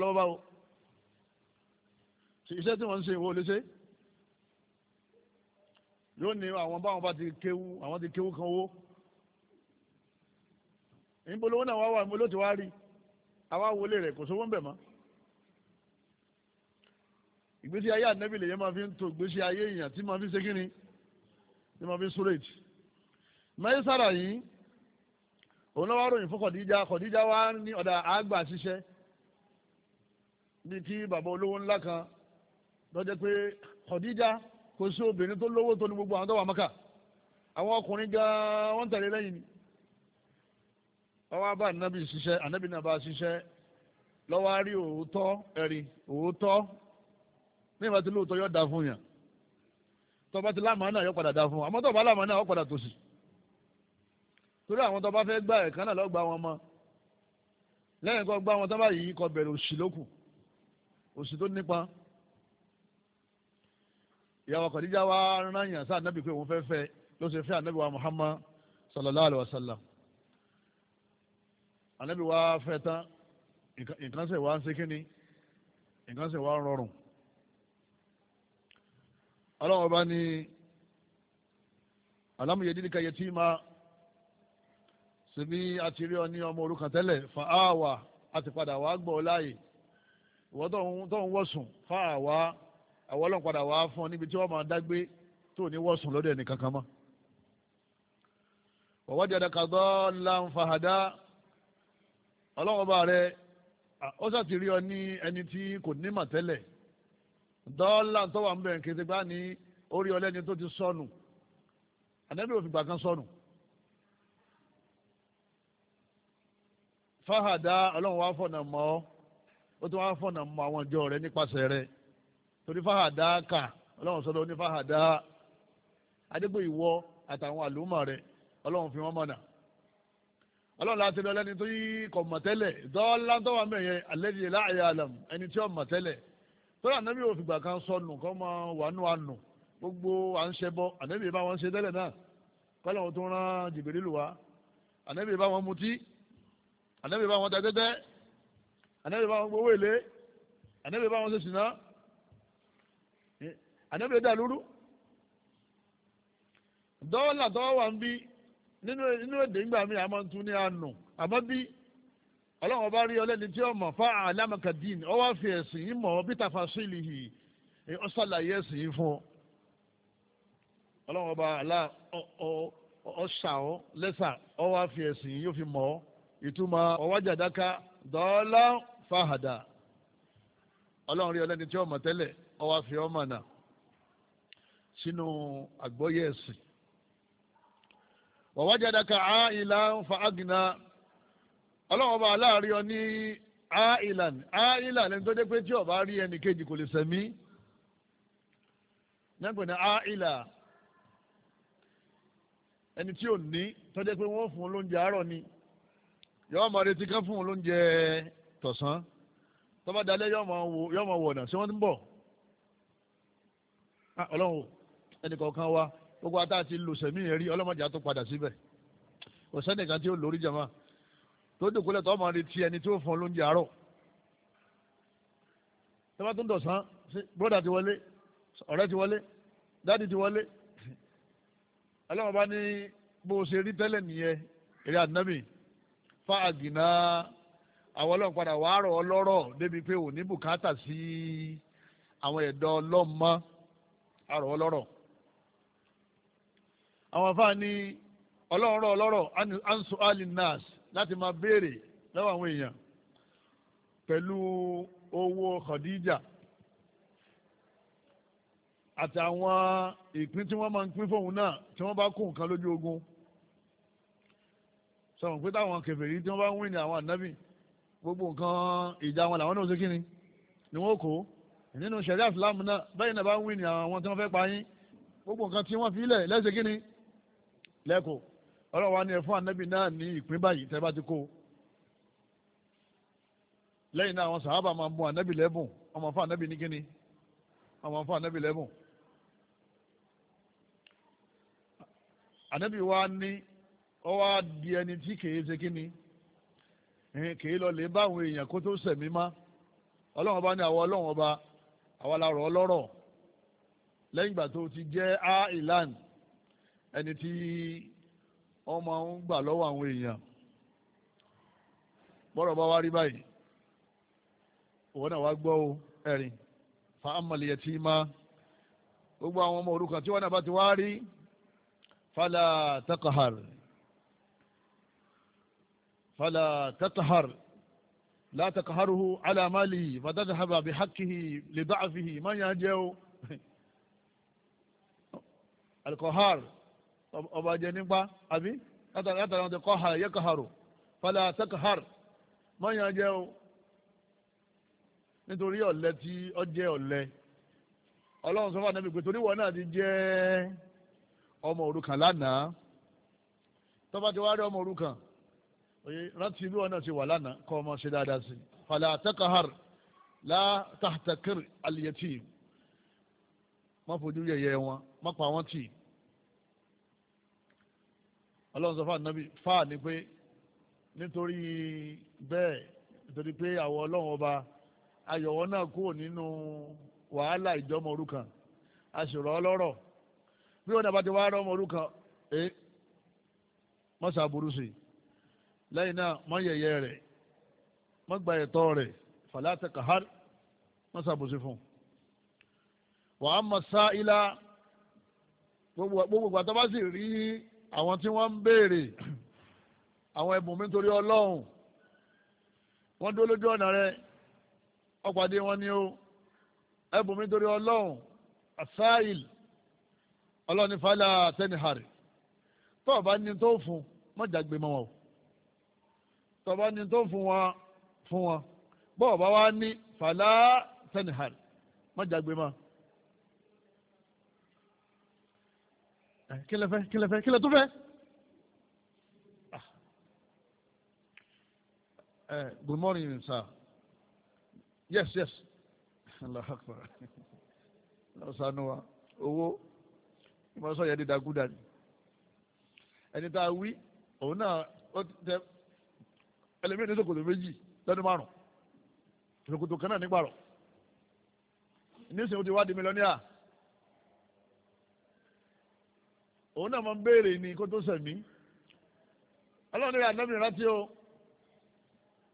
wọ́n báwo iṣẹ́ tí wọ́n ń ṣe ìwọ lè ṣe yóò ní àwọn báwọn bá ti kéwú àwọn ti kéwú kan owó ìpolówó náà wá wà mo ti wá rí àwa wọlé rẹ̀ kò sówó ń bẹ̀ mọ́ ìgbésí ayé ànẹ́bí lèyẹ máa fi ń to ìgbésí ayé èèyàn tí máa fi ṣe kíni tí máa fi súrèjì mẹ́sàrà yìí òun lọ́wọ́ ròyìn fún kọ̀díjà kọ̀díjà wa ní ọ̀dà àgbà ṣiṣẹ́ bíi kí bàbá olówó ńlá kan lọ́jọ́ pé Khadija kò sí obìnrin tó lówó tó ní gbogbo àwọn tó wà Maka àwọn ọkùnrin gan wọ́n tẹ̀lé lẹ́yìn ni ọwọ́ bá ànábì ṣiṣẹ́ ànábì náà bá ṣiṣẹ́ lọ́wọ́ á rí òótọ́ ẹ̀rí òótọ́ ní ìbá ti lóòótọ́ yóò dáa fún yàn tó bá ti láàmú náà yóò padà dáa fún àmọ́ tó bá láàmú náà yóò padà tòṣì torí àwọn tó bá fẹ́ gbà ẹ̀kan náà lọ́ọ́ wọn mọ́ lẹ́yìn kó gbá wọn tó bá yìí kọ bẹ̀rẹ̀ òṣì lókù òṣì tó nípa ìyàwó kọ̀díjà wa rán yàn sáà nábì pé òun fẹ́ fẹ́ ló ṣe fẹ́ ànábì wa Muhammad sallallahu alayhi wa sallam ànábì wa fẹ́ tán nǹkan ṣe wá ń ṣe kínní nǹkan ṣe wá ń rọrùn ọlọ́run ọba ni alámúyẹ dídíkà yẹ tí máa sèmi àti rí ọ ní ọmọ òrukàn tẹ́lẹ̀ fa áwà àti padà wàá gbọ́ láàyè ìwọ tó ń wọ̀sùn fa àwa àwọn ọlọ́run wàá fún ọ níbi tí wọ́n máa dágbé tó ní wọ́sùn lọ́dọ̀ ẹnì kankan mọ́. ọ̀wọ́ jẹ́ dàkàdọ́ lànfàdá rẹ ó sàti rí ọ ní kò ní mà tẹ́lẹ̀ dọ́là tó wà ń bẹ̀rẹ̀ kété gbá ní orí ọlẹ́ni tó ti sọnù ànábì sọnù. wàá fọ̀nà mọ́ ó tún àwọn ìjọ rẹ nípasẹ̀ rẹ̀. torí fáhàdá kà ọlọ́run sọ́dọ̀ ní fáhàdá adégbò ìwọ àtàwọn àlùmọ̀ rẹ ọlọ́run fi wọ́n mọ̀nà ọlọ́run láti lọ lẹ́ni tó yí kọ̀ mọ̀tẹ́lẹ̀ dọ́ọ́lá tó wà mẹ́yẹn alẹ́dìyẹ láàyè àlàm ẹni tí ó mọ̀tẹ́lẹ̀ tọ́lá ànábì ò fìgbà kan sọnù kọ́ mọ wàánú àánú gbogbo à ń ṣe bọ́ ànábì bá wọn ṣe tẹ́lẹ̀ náà kọ́lá wọn tó rán Jìbìrìlù wá ànábì bá wọn mutí ànábì bá wọn tẹ́tẹ́tẹ́ ànábì bá wọn gbowó èlé ànábì bá wọn ṣe ṣìnà ànábì dá lúrú dọ́là dọ́wà ń bí nínú èdè ńgbà mi àmọ́ ń tún ní àánú àmọ́ bí ọlọ́run ọba rí ọlẹ́ni tí ọmọ fa àlámàkà dín ọwọ́ fi ẹ̀sìn yìí mọ̀ bí tàfà sílì yìí ọ ṣàlàyé ẹ̀sìn yìí fún ọ ọlọ́run ọba àlá ọ ṣà ọ lẹ́sà ọwọ́ fi ẹ̀sìn yìí yóò fi mọ̀ ọ ìtumọ̀ ọwájàdáka dọ́ọ́lá fàhàdà ọlọ́run rí ọlẹ́ni tí ọmọ tẹ́lẹ̀ ọwọ́ fi ọmọ náà sínú àgbọ́yé ẹ̀sìn wàwájàdàkà áìlà ń fa àgìnà ọlọ́wọ́ bá aláàrí ọ ní áìlà áìlà lẹ́nu tó dé pé tí ọba rí ẹnì kejì kò lè sẹ̀mí nígbà ní áìlà ẹni tí ò ní tó dé pé wọ́n fún un lóúnjẹ àárọ̀ ni yọ́ọ́ máa retí ká fún un tọ̀sán tọ́ba dalẹ́ yọ́ọ́ máa wọ̀nà sí wọ́n ń bọ̀ ah, ọlọ́run ẹnìkọ̀ọ̀kan wa gbogbo ata àti lùsẹ̀mí rí ọlọ́mọdé àtó padà síbẹ̀ kò sẹ́nìkan tí ó lórí jama tó dùkúlẹ̀ tó máa retí ẹni tí ó fún lóúnjẹ àárọ̀ tó bá tún dọ̀sán bróda ti wọlé ọ̀rẹ́ ti wọlé dáàdi ti wọlé ọlọ́mọ ní bó o ṣe rí tẹ́lẹ̀ nìyẹn eré ànábì fa àgìnà àwọn ọlọ́run padà wàá rọ̀ ọ́ lọ́rọ̀ débi pé ò ní bùkátà sí àwọn ẹ̀dọ́ ọlọ́mọ àrọ̀ ọlọ́rọ̀ àwọn afáà ní ọlọ́rọ̀ ọlọ́rọ̀ ansu alinas láti máa béèrè lọ́wọ́ àwọn èèyàn pẹ̀lú owó Khadija àtàwọn ìpín tí wọ́n máa ń pín fóun náà tí wọ́n bá kó nǹkan lójú ogun sọ̀rọ̀ pé táwọn kèfèrí tí wọ́n bá ń wí ní àwọn ànábì gbogbo nǹkan ìjà wọn làwọn náà ṣe kíni ni wọ́n kó nínú ṣẹ̀ríà Islam náà bẹ́ẹ̀ náà bá ń wí ní àwọn tí wọ́n fẹ́ pa yín gbogbo nǹkan tí wọ́n fi lẹ̀ lẹ́sẹ̀ kíni lẹ́kọ̀ọ́ ọlọ́wọ́ ni ẹ fún ànábì náà ní ìpín báyìí tẹ́ bá ti kó lẹ́yìn náà àwọn sàhábà máa mú ànábì lẹ́bùn ọmọ fún ànábì ní kíni ọmọ fún ànábì lẹ́bùn ànábì wa ní ọwọ́ di ẹni tí kìí ṣe kíni kìí lọ lè bá àwọn èèyàn kó tó sẹ̀mí má ọlọ́run ọba àwọn ọlọ́run àwọn alárọ̀ ọlọ́rọ̀ lẹ́yìn ìgbà tó ti jẹ́ áìláńd ẹni tí wọ́n máa ń gbà lọ́wọ́ àwọn èèyàn bọ́rọ̀ bá wá rí báyìí òun náà wá gbọ́ o ẹ̀rìn fa amalẹ̀ tí ma gbogbo àwọn ọmọ òrukàn tí wọ́n náà bá ti wá rí fala takahar fala takahar la takaharuhu ala mali fatadhhaba bi haqqihi li da'fihi man yajau alkohar ọba jẹ nípa àbí látara wọn ti kọ́ ha yẹ́kọ̀ọ́rò fala takahar mọ́yàn jẹ́ o nítorí ọ̀lẹ tí ọ jẹ́ ọ̀lẹ ọlọ́run sọ fún àdébí pé torí wọn náà ti jẹ́ ọmọ òrukàn lánàá tọ́ba ti wá rí ọmọ òrukàn rántí bí wọn náà ti wà lánàá kọ́ ọmọ ṣe dáadáa sí fala takahar la tahtakir al yatim má fojú yẹ̀yẹ́ wọn má pa wọn tì ọlọ́run sọ fún ànábì fáà ni pé nítorí bẹ́ẹ̀ nítorí pé àwọn ọlọ́run ọba ayọ̀wọ́ náà kúrò nínú wàhálà ìjọmọ òrukàn aṣèrò ọlọ́rọ̀ bí wọn náà bá ti wá rọmọ òrukàn ẹ mọ́sá burú sí lẹ́yìn náà mọ́ yẹ̀yẹ́ rẹ̀ mọ́ gba ẹ̀tọ́ rẹ̀ fàlàtẹ̀ kàhár mọ́sá burú fún un wàá mọ̀ gbogbo àtọ́ sì rí àwọn tí wọ́n ń béèrè àwọn ẹ̀bùn mi nítorí ọlọ́run wọ́n dúró lójú ọ̀nà rẹ ọ̀pàdé wọn ni ó ẹ̀bùn nítorí ọlọ́run asáìl tó o bá ní tó fún kílẹ̀fẹ́ kílẹ̀fẹ́ kílẹ̀ tó fẹ́. Ah. Eh, good morning sir yes yes allah akbar lọ́sànán wa owó ìmọ̀sán yẹn dídá gúdà ni ẹni tá a wí òun náà ó tẹ ẹlẹ́mìí ní ṣòkòtò méjì lọ́dún márùn-ún ṣòkòtò kan náà nígbàrọ̀ nísìnyí ó ti wá di mílíọ̀nìyà. òun náà máa ń béèrè ní kó tó sẹ̀mí ọlọ́run rẹ̀ ànábì rántí o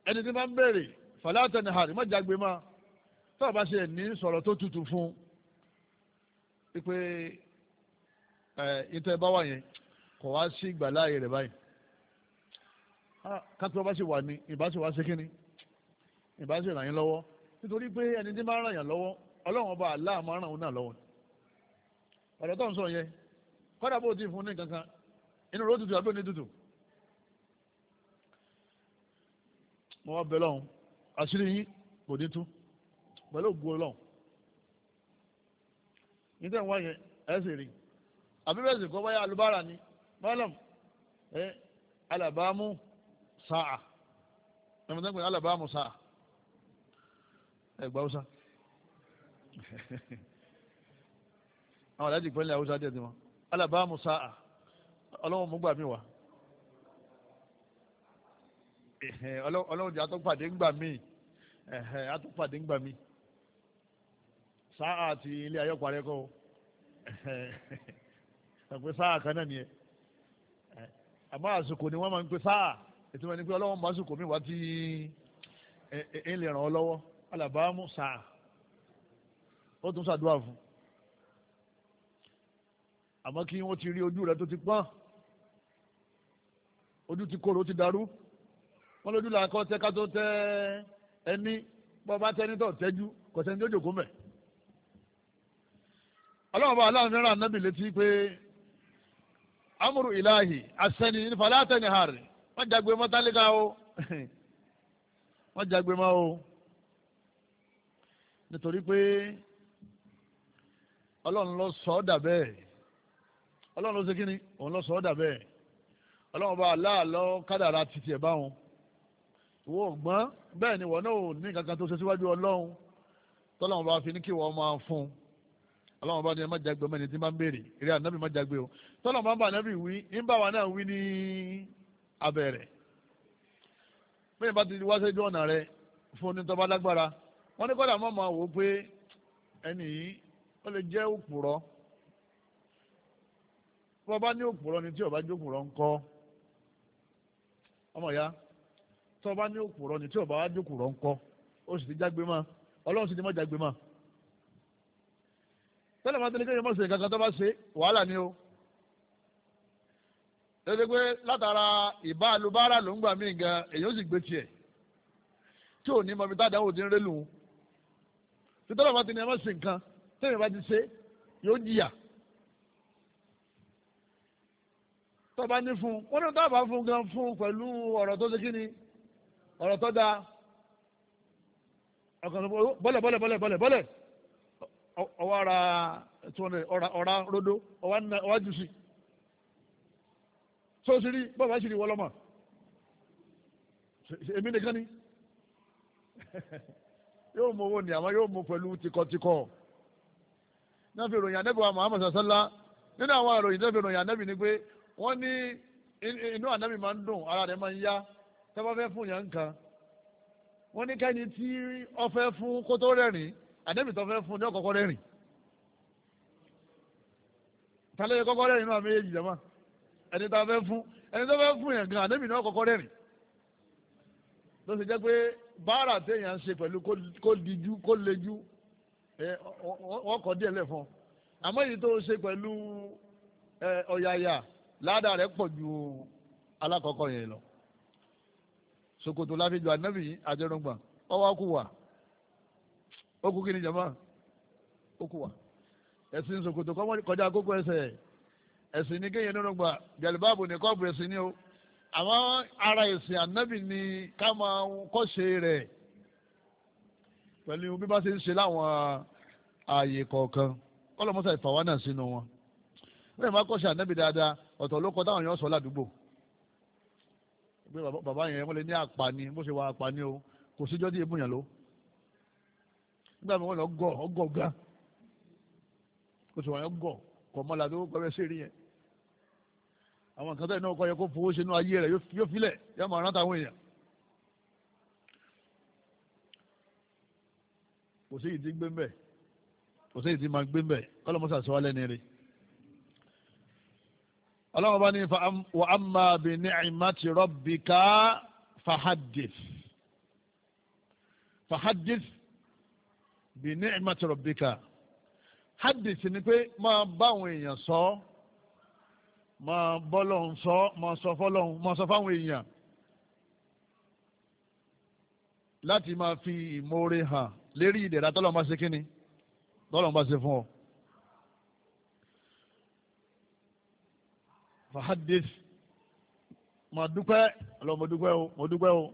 ẹni tí máa ń béèrè fàlàtà ní hàrí mọ́jàgbé máa tó o bá ṣe ní sọ̀rọ̀ tó tutù fún un pé ìtọ́ ẹ bá wà yẹn kò wá sí ìgbàláyè rẹ̀ báyìí kátó bá ṣe wà ní ìbá ṣe wá ṣe kínní ìbá ṣe ràn yín lọ́wọ́ nítorí pé ẹni tí máa ń ràn yàn lọ́wọ́ ọlọ́run ọba àlá máa ń ràn òun náà lọ́wọ́ ọ̀rọ̀ tó ń sọ yẹn kọ́dà bó ti fún ní kankan inú rẹ̀ ó tutù àbí òní tutù mo wá bẹ lọ́hùn àṣírí yín kò ní tú pẹ̀lú ògbó lọ́hùn ní tẹ̀ ń wáyé ẹ̀ sì rí àbí bẹ́ẹ̀ sì kọ́ báyà alubára ni malam ẹ alabamu sa'a ẹ̀mọ̀ tẹ́ ń pè alabamu sa'a ẹ̀gbà hausa àwọn aláàjì pẹ̀lú hausa díẹ̀ tí wọ́n alábá musa ọlọ́run mú gbà mí wá ọlọ́run jẹ́ atọ́pàdé ń gbà mí atọ́pàdé ń gbà mí sáà àti ilé ayọ́parẹ́ kọ́ ẹ̀pẹ́ sáà kan náà nìyẹn àmọ́ àsìkò ni wọ́n máa ń pe sáà ètò ẹni pé ọlọ́run bá àsìkò mi wá tí ń lè ràn ọ́ lọ́wọ́ alábá musa ó tún ṣàdúrà fún un. àmọ́ kí wọ́n ti rí ojú rẹ tó ti pọ́n ojú ti kóró ti darú wọ́n lójú là kọ́ tẹ́ka tó tẹ́ ẹni bọ́ bá tẹ́ni tó tẹ́jú kò tó jòkó mẹ́. ọlọ́run bá aláàánú rẹ̀ ànábì létí pé amúrú o wọ́n jagbe o nítorí pé ọlọ́run sọ ọ́ ọlọ́run ló ṣe kí ni òun lọ sọ ọ́ dà bẹ́ẹ̀ ọlọ́run bá aláàlọ́ kádàrá títí ẹ̀ báwọn ìwọ ògbọ́n bẹ́ẹ̀ ni wọ́n náà ò ní kankan tó ṣe síwájú ọlọ́run tọ́lọ́run bá fi ní kí wọ́n máa fún un ọlọ́run bá ní ẹ má jagbe ọmọ ẹni tí bá ń béèrè eré ànábì má jagbe o tọ́lọ́run bá ń bá ànábì wí ń bá wa náà wí ní abẹ́rẹ́ bẹ́ẹ̀ bá ti wá sẹ́jọ́ ọ̀nà rẹ fún ní tọ́ba lágbára wọ́n ní kọ́dà mọ́ máa wò ó pé ẹni yìí ó lè jẹ́ òpùrọ́ bọ́ bá ní òpùrọ́ ni tí ọba jó ń kọ́ ọmọ ya tọ́ bá ní òpùrọ́ ni tí ọba wá jó ń kọ́ ó sì ti jágbe mọ́ ọlọ́run sì ti mọ́ jágbe mọ́ tẹ́lẹ̀ máa tẹ́lẹ̀ kéèyàn mọ̀ sí ẹ̀ka kan tó bá ṣe wàhálà ni o pé látara ìbálòbára ló ń gbà mí gan sì gbé tiẹ̀ tí ò ní mọ̀ mi tá àdáwò ti tó bá ní fún wọn ní tó bá fún gan fún pẹ̀lú ọ̀rọ̀ tó ṣe kí ni ọ̀rọ̀ tó dáa ọkàn bọ́lẹ̀ bọ́lẹ̀ bọ́lẹ̀ bọ́lẹ̀ bọ́lẹ̀ ọwọ́ ara tiwọn ọ̀ra rodo ọwọ́ jù sí tó ṣe rí bọ́ọ̀ bá ṣe rí wọlọ́mọ̀ èmi nìkan ni yóò mú owó ni àmọ́ yóò mú pẹ̀lú tikọ̀tikọ̀ náà fi ròyìn ànábì wa Muhammad sallallahu nínú àwọn ìròyìn náà fi ròyìn ànábì ni pé wọ́n ní inú ànábì máa ń dùn ara rẹ̀ máa ń yá tẹ́ bá fẹ́ fún yàn nǹkan wọ́n ní kẹ́ni tí ó fẹ́ fún kó tó rẹ̀rìn ànábì tó fẹ́ fún ní ọ̀kọ̀ọ̀kọ̀ rẹ̀rìn tálẹ́ kọ́kọ́ rẹ̀rìn náà méjèèjì jẹ́ máa ẹni tó fẹ́ fún ẹni tó fẹ́ fún yàn gan ànábì ní ọ̀kọ̀ọ̀kọ̀ rẹ̀rìn ló ṣe jẹ́ pé báárà téèyàn ń ṣe pẹ̀lú kó dijú kó lejú wọ́n díẹ̀ lẹ̀ fún àmọ́ èyí ládàá rẹ̀ pọ̀ ju alákọ̀ọ́kọ́ yẹn lọ ṣòkòtò láfijọ ànábì àjẹrùngbà ọwọ́ kù wà ó kú kí ni jama ó kù wà ẹ̀sìn ṣòkòtò kọjá kókó ẹsẹ̀ ẹ̀sìn ní kéèyàn nínú gbà ní kọ́ọ̀bù ẹ̀sìn ni ó àwọn ara ẹ̀sìn ànábì ni ká máa kọ́ṣe rẹ̀ pẹ̀lú bí bá ṣe ń ṣe láwọn ààyè kọ̀ọ̀kan kọ́lọ́mọ́sà ìfàwọ́ náà sínú wọn bẹ́ẹ̀ máa kọ́ṣẹ́ ànábì dáadáa ọ̀tọ̀ ló kọ́ táwọn èèyàn sọ ládùúgbò pé bàbá yẹn wọ́n lè ní àpàní bó ṣe wà àpàní o kò síjọ́ tí ebúyàn ló nígbà mi wọ́n lọ gọ̀ ọgọ̀ gan kò sì wọ́n yẹn gọ̀ kọ̀ mọ́ làdó kọ́ bẹ́ẹ̀ sèrè yẹn àwọn nǹkan tẹ́lẹ̀ náà kọ́ yẹ kó fowó ṣe inú ayé rẹ̀ yóò filẹ̀ yóò máa rántà àwọn èèyàn kò sí ìdí gbé mbẹ̀ kò sí ìdí máa gbé mbẹ̀ kọ́lọ́mọ́sà sọ wá lẹ́ni rẹ̀ ọlọ́run bá ní wa amma bi ni'mati rabbika fahadith fahadith bi ni'mati rabbika hadith ni pé máa báwọn èèyàn sọ máa bọ́lọ́hún sọ máa sọ fọ́lọ́hún máa sọ fáwọn èèyàn láti máa fi ìmoore hàn lérí ìdẹ̀ra tọ́lọ́run bá fún ọ. fahadis mà dúpẹ́ ọlọ́mọ dúpẹ́ o mo dúpẹ́ o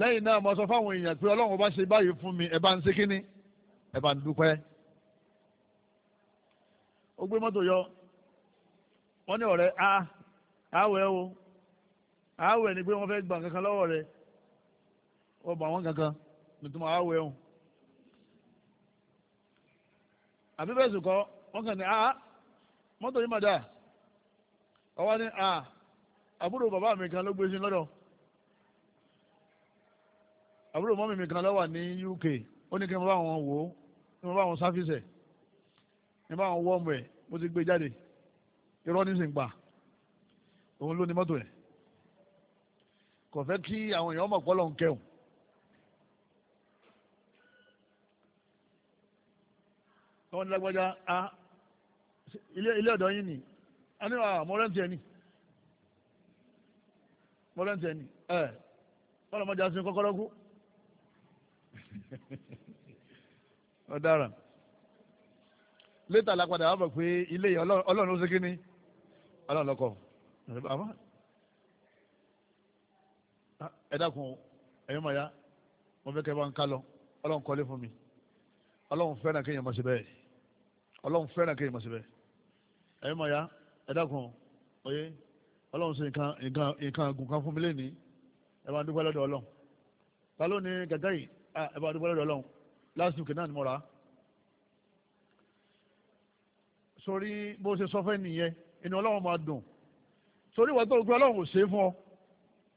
lẹ́yìn náà mo sọ fáwọn èèyàn pé ọlọ́run bá ṣe báyìí fún mi ẹ bá ń ṣe kínní ẹ bá ń dúpẹ́ ó gbé mọ́tò yọ wọ́n ní ọ̀rẹ́ a àwẹ̀ o àwẹ̀ ni pé wọ́n fẹ́ gbà kankan lọ́wọ́ rẹ̀ wọ́n bọ̀ àwọn kankan nítorí àwẹ̀ o àbí bẹ́ẹ̀ sùn kọ́ wọ́n kàn ní a mọ́tò yìí mà dáa ọwọ́ ní à àbúrò bàbá mi kan ló gbé sí lọ́dọ̀ àbúrò mọ́mí mi kan ló wà ní UK ó ní kí n bá wọn wò ó kí n bá wọn sáfíìsẹ̀ kí n bá wọn wọ́ ọmọ ẹ̀ mo ti gbé e jáde irọ́ ní sì ń pa òun ló ní mọ́tò ẹ̀ kò fẹ́ kí àwọn èèyàn mọ̀ pọ́lọ̀ ń kẹun wọ́n ní lágbájá ilé ọ̀dọ́ yín nìyí. a ní mọ̀rẹ́ntì ẹni ah, ntị ẹni ẹ̀ wọ́n mọ̀já sí kọ́kọ́rọ́ kú ọ̀daràn létà lápadà wà bọ̀ pé ilé yẹn ile ló ṣe kí ni ọlọ́run lọ́kọ̀ àmọ́ ẹ dákun ẹ̀yin màá yá mo fẹ́ kẹ́ bá ń ká lọ ọlọ́run fún mi ọlọ́run fẹ́ràn kéèyàn mọ̀ síbẹ̀ ọlọ́run fẹ́ràn kéèyàn mọ̀ ẹ̀dàkùn oyé ọlọ́run sí nǹkan àgùn kan fún mi lẹ́ni ẹ bá dúpẹ́ lọ́dọ̀ ọlọ́run ta ló ní gẹ́gẹ́ yìí ẹ bá dúpẹ́ lọ́dọ̀ ọlọ́run last week náà ni mo rà á sórí bó ṣe sọ fẹ́ nìyẹn inú ọlọ́run máa dùn sórí wàá tó gbé ọlọ́run ò ṣe é fún ọ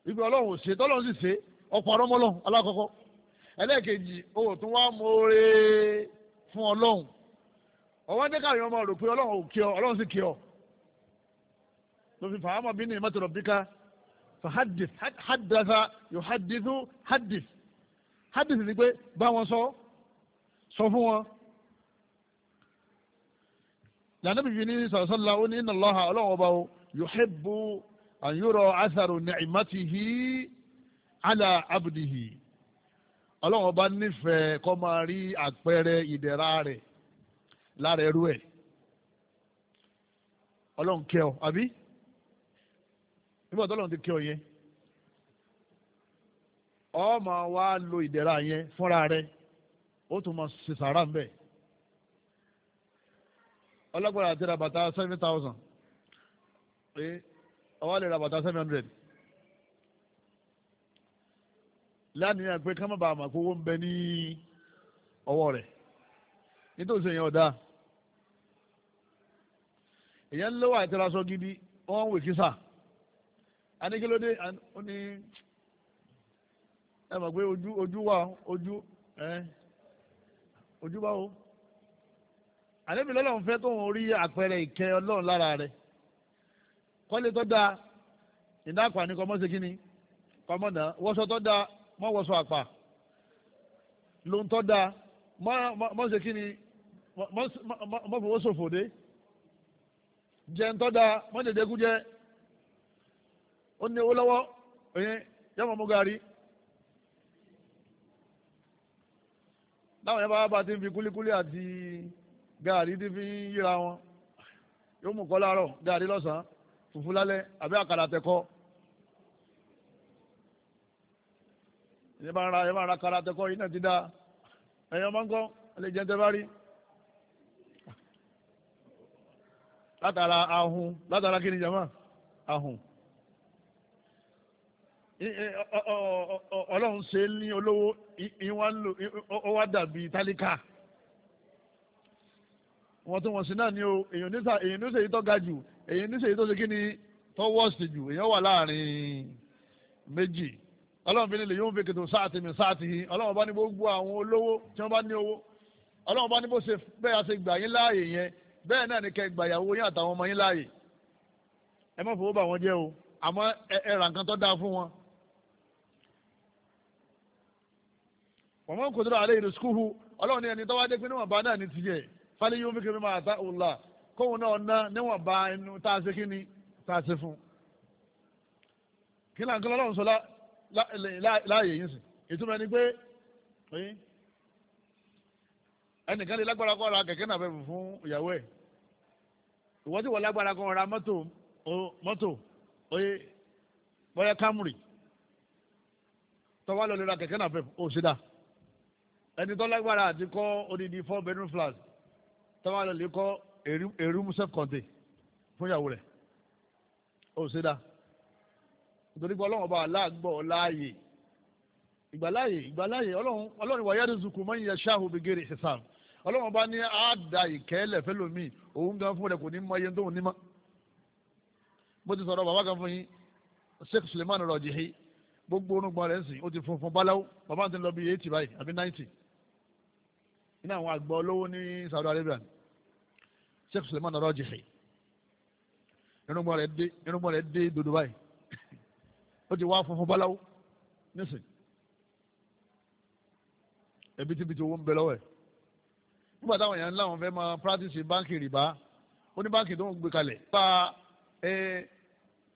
ìgbé ọlọ́run ò ṣe é tọ́lọ́run sì ṣe é ọ̀pọ̀ ọ̀rọ̀mọ́lọ́run alákọ̀ọ́kọ́ ẹlẹ́ẹ̀kejì o tún wá mọ́re fún ọlọ́run ọwọ́n jẹ́ káwọn èèyàn máa rò pé ọlọ́run ò kí ọ ọlọ́run sì kí ọ tó fi fàámà bí ní ìmọ̀tòrò bíkà fàhadìs hadasa yóò hadìsú hadìs hadìs ni pé bá wọn sọ sọ fún wọn. lànàbí fi ní sàlọ́sọ́lá ó ní ìnàlọ́hà ọlọ́run ọba o yuhibbu an yura atharu ni'matihi ala abdihi ọlọ́run ọba nífẹ̀ẹ́ kó máa rí àpẹẹrẹ ìdẹ̀ra rẹ̀ lára ẹrú ẹ̀ ọlọ́run kẹ́ ọ àbí nígbà tọ́lọ́run ti kí ọ yẹn ọ máa wá lo ìdẹ̀ra yẹn fúnra rẹ ó tún máa ṣe sàrà ń bẹ̀ ọlọ́gbọ̀nà àti ra seven thousand pé ọwọ́ lè ra seven hundred lánìyàn pé ká má bàa mà kówó ń bẹ ní ọwọ́ rẹ̀ nítòsí èèyàn ọ̀dà èèyàn lówó àti raṣọ gidi wọ́n ń wè kísà aníkílódé ó ní ẹ mọ̀ pé ojú ojú wà ojú ẹ ojú báwo àlébi lọ́lọ́run fẹ́ tóun rí àpẹẹrẹ ìkẹ́ ọlọ́run lára rẹ̀ kọ́lé tó dáa ìdáàpà ni kọ́mọ́ ṣe kíni kọ́mọ́ náà wọ́sọ tó dáa mọ́ wọ́sọ àpà lóhun tó dáa mọ́ ṣe kíni mọ́ fowó ṣòfò dé jẹun tó dáa mọ́ dèdè kú jẹ́ ó ní owó lọ́wọ́ ẹ̀yìn yọ́mọ̀ mú gàrí láwọn yẹn bá bá ti ń fi kúlíkúlí àti gàrí ti fi ń yíra wọn yóò mú kọ́ láàárọ̀ gàrí lọ́sàn-án fùfú lálẹ́ àbí àkàrà tẹ̀kọ́ ẹ̀yìn bá ń ra ẹ̀yìn tẹ̀kọ́ yìí náà ti dá ẹ̀yìn ọmọ ń kọ́ jẹ́ tẹ́ bá rí látara ahun látara kí ni jama ahun ọlọ́run ṣe ní olówó ìwà dàbí tálíkà wọ́n tún wọ́n sí náà ni o èyàn ní èyàn ní sèyí tó ga jù èyàn ní sèyí tó ṣe kí ni tó wọ́ọ̀sì jù èyàn wà láàrin méjì ọlọ́run fi nílẹ̀ yóò fi kètò sáàtì mi sáàtì yìí ọlọ́run bá ní gbogbo àwọn olówó tí wọ́n bá ní owó ọlọ́run bá ní bó ṣe bẹ́ẹ̀ ṣe gbà yín láàyè yẹn bẹ́ẹ̀ náà ni kẹ́ gbà ìyàwó yín àtàwọn ọmọ yín láàyè ẹ má fowó bà wọ́n jẹ́ o àmọ́ ẹ ra nǹkan tó dáa fún wọn wọ́n mọ̀ kòtò àlẹ́ yìí sukùhù ọlọ́run ní ẹni tó wá dé pé níwọ̀nba náà ní tiyẹ̀ fálẹ́ yóò fi kí mi máa ta òòlà kóhun náà ná níwọ̀nba inú tá a ṣe kí ni tá a ṣe fún. kí là ń sọ láàyè yìí sìn ìtumọ̀ ẹni pé ẹnìkan lè lágbára kọ́ ra kẹ̀kẹ́ náà bẹ̀rù fún ìyàwó ẹ̀ ìwọ́n ti wọ̀ lágbára kọ́ ra mọ́tò oye bọ́yá Camry tọ́wọ́ lọ́ọ́ lè ra kẹ̀kẹ́ náà bẹ̀rù ó ṣe dáa ẹni tó lágbára àti kọ́ odidi four bedroom flat tọ́wọ́ lọ lè kọ́ èrú self contain fún ìyàwó rẹ̀ ó ṣe dá nítorí pé ọlọ́run ọba aláàgbọ̀ láàyè ìgbàláyè ìgbàláyè ọlọ́run ìwà yẹ́rì zùkú mọ́ ìyẹn ṣáàhù bí gèrè ìsàm ọlọ́run ọba ní àádá ìkẹ́lẹ̀ fẹ́lòmíì òun gan fún rẹ̀ kò ní mọ iye tóun ní mọ́ bó ti sọ̀rọ̀ bàbá kan fún yín Sheikh Suleiman Rajihi gbogbo orúngbọ̀n rẹ̀ ń sìn ó ti funfun báláwo bàbá ti ń lọ bí eighty báyìí àbí ninety iná àwọn àgbà olówó ní Saudi Arabia Sheikh Suleiman Rajihi irúgbọ́n rẹ̀ dé irúgbọ́n rẹ̀ dé dodo báyìí ó ti wá funfun báláwo nísìn ẹbí tí bìtì owó ń bẹ lọ́wọ́ ẹ̀ nígbà táwọn èèyàn láwọn fẹ́ máa practice báńkì rìbá ó ní báńkì tó ń gbé kalẹ̀ pa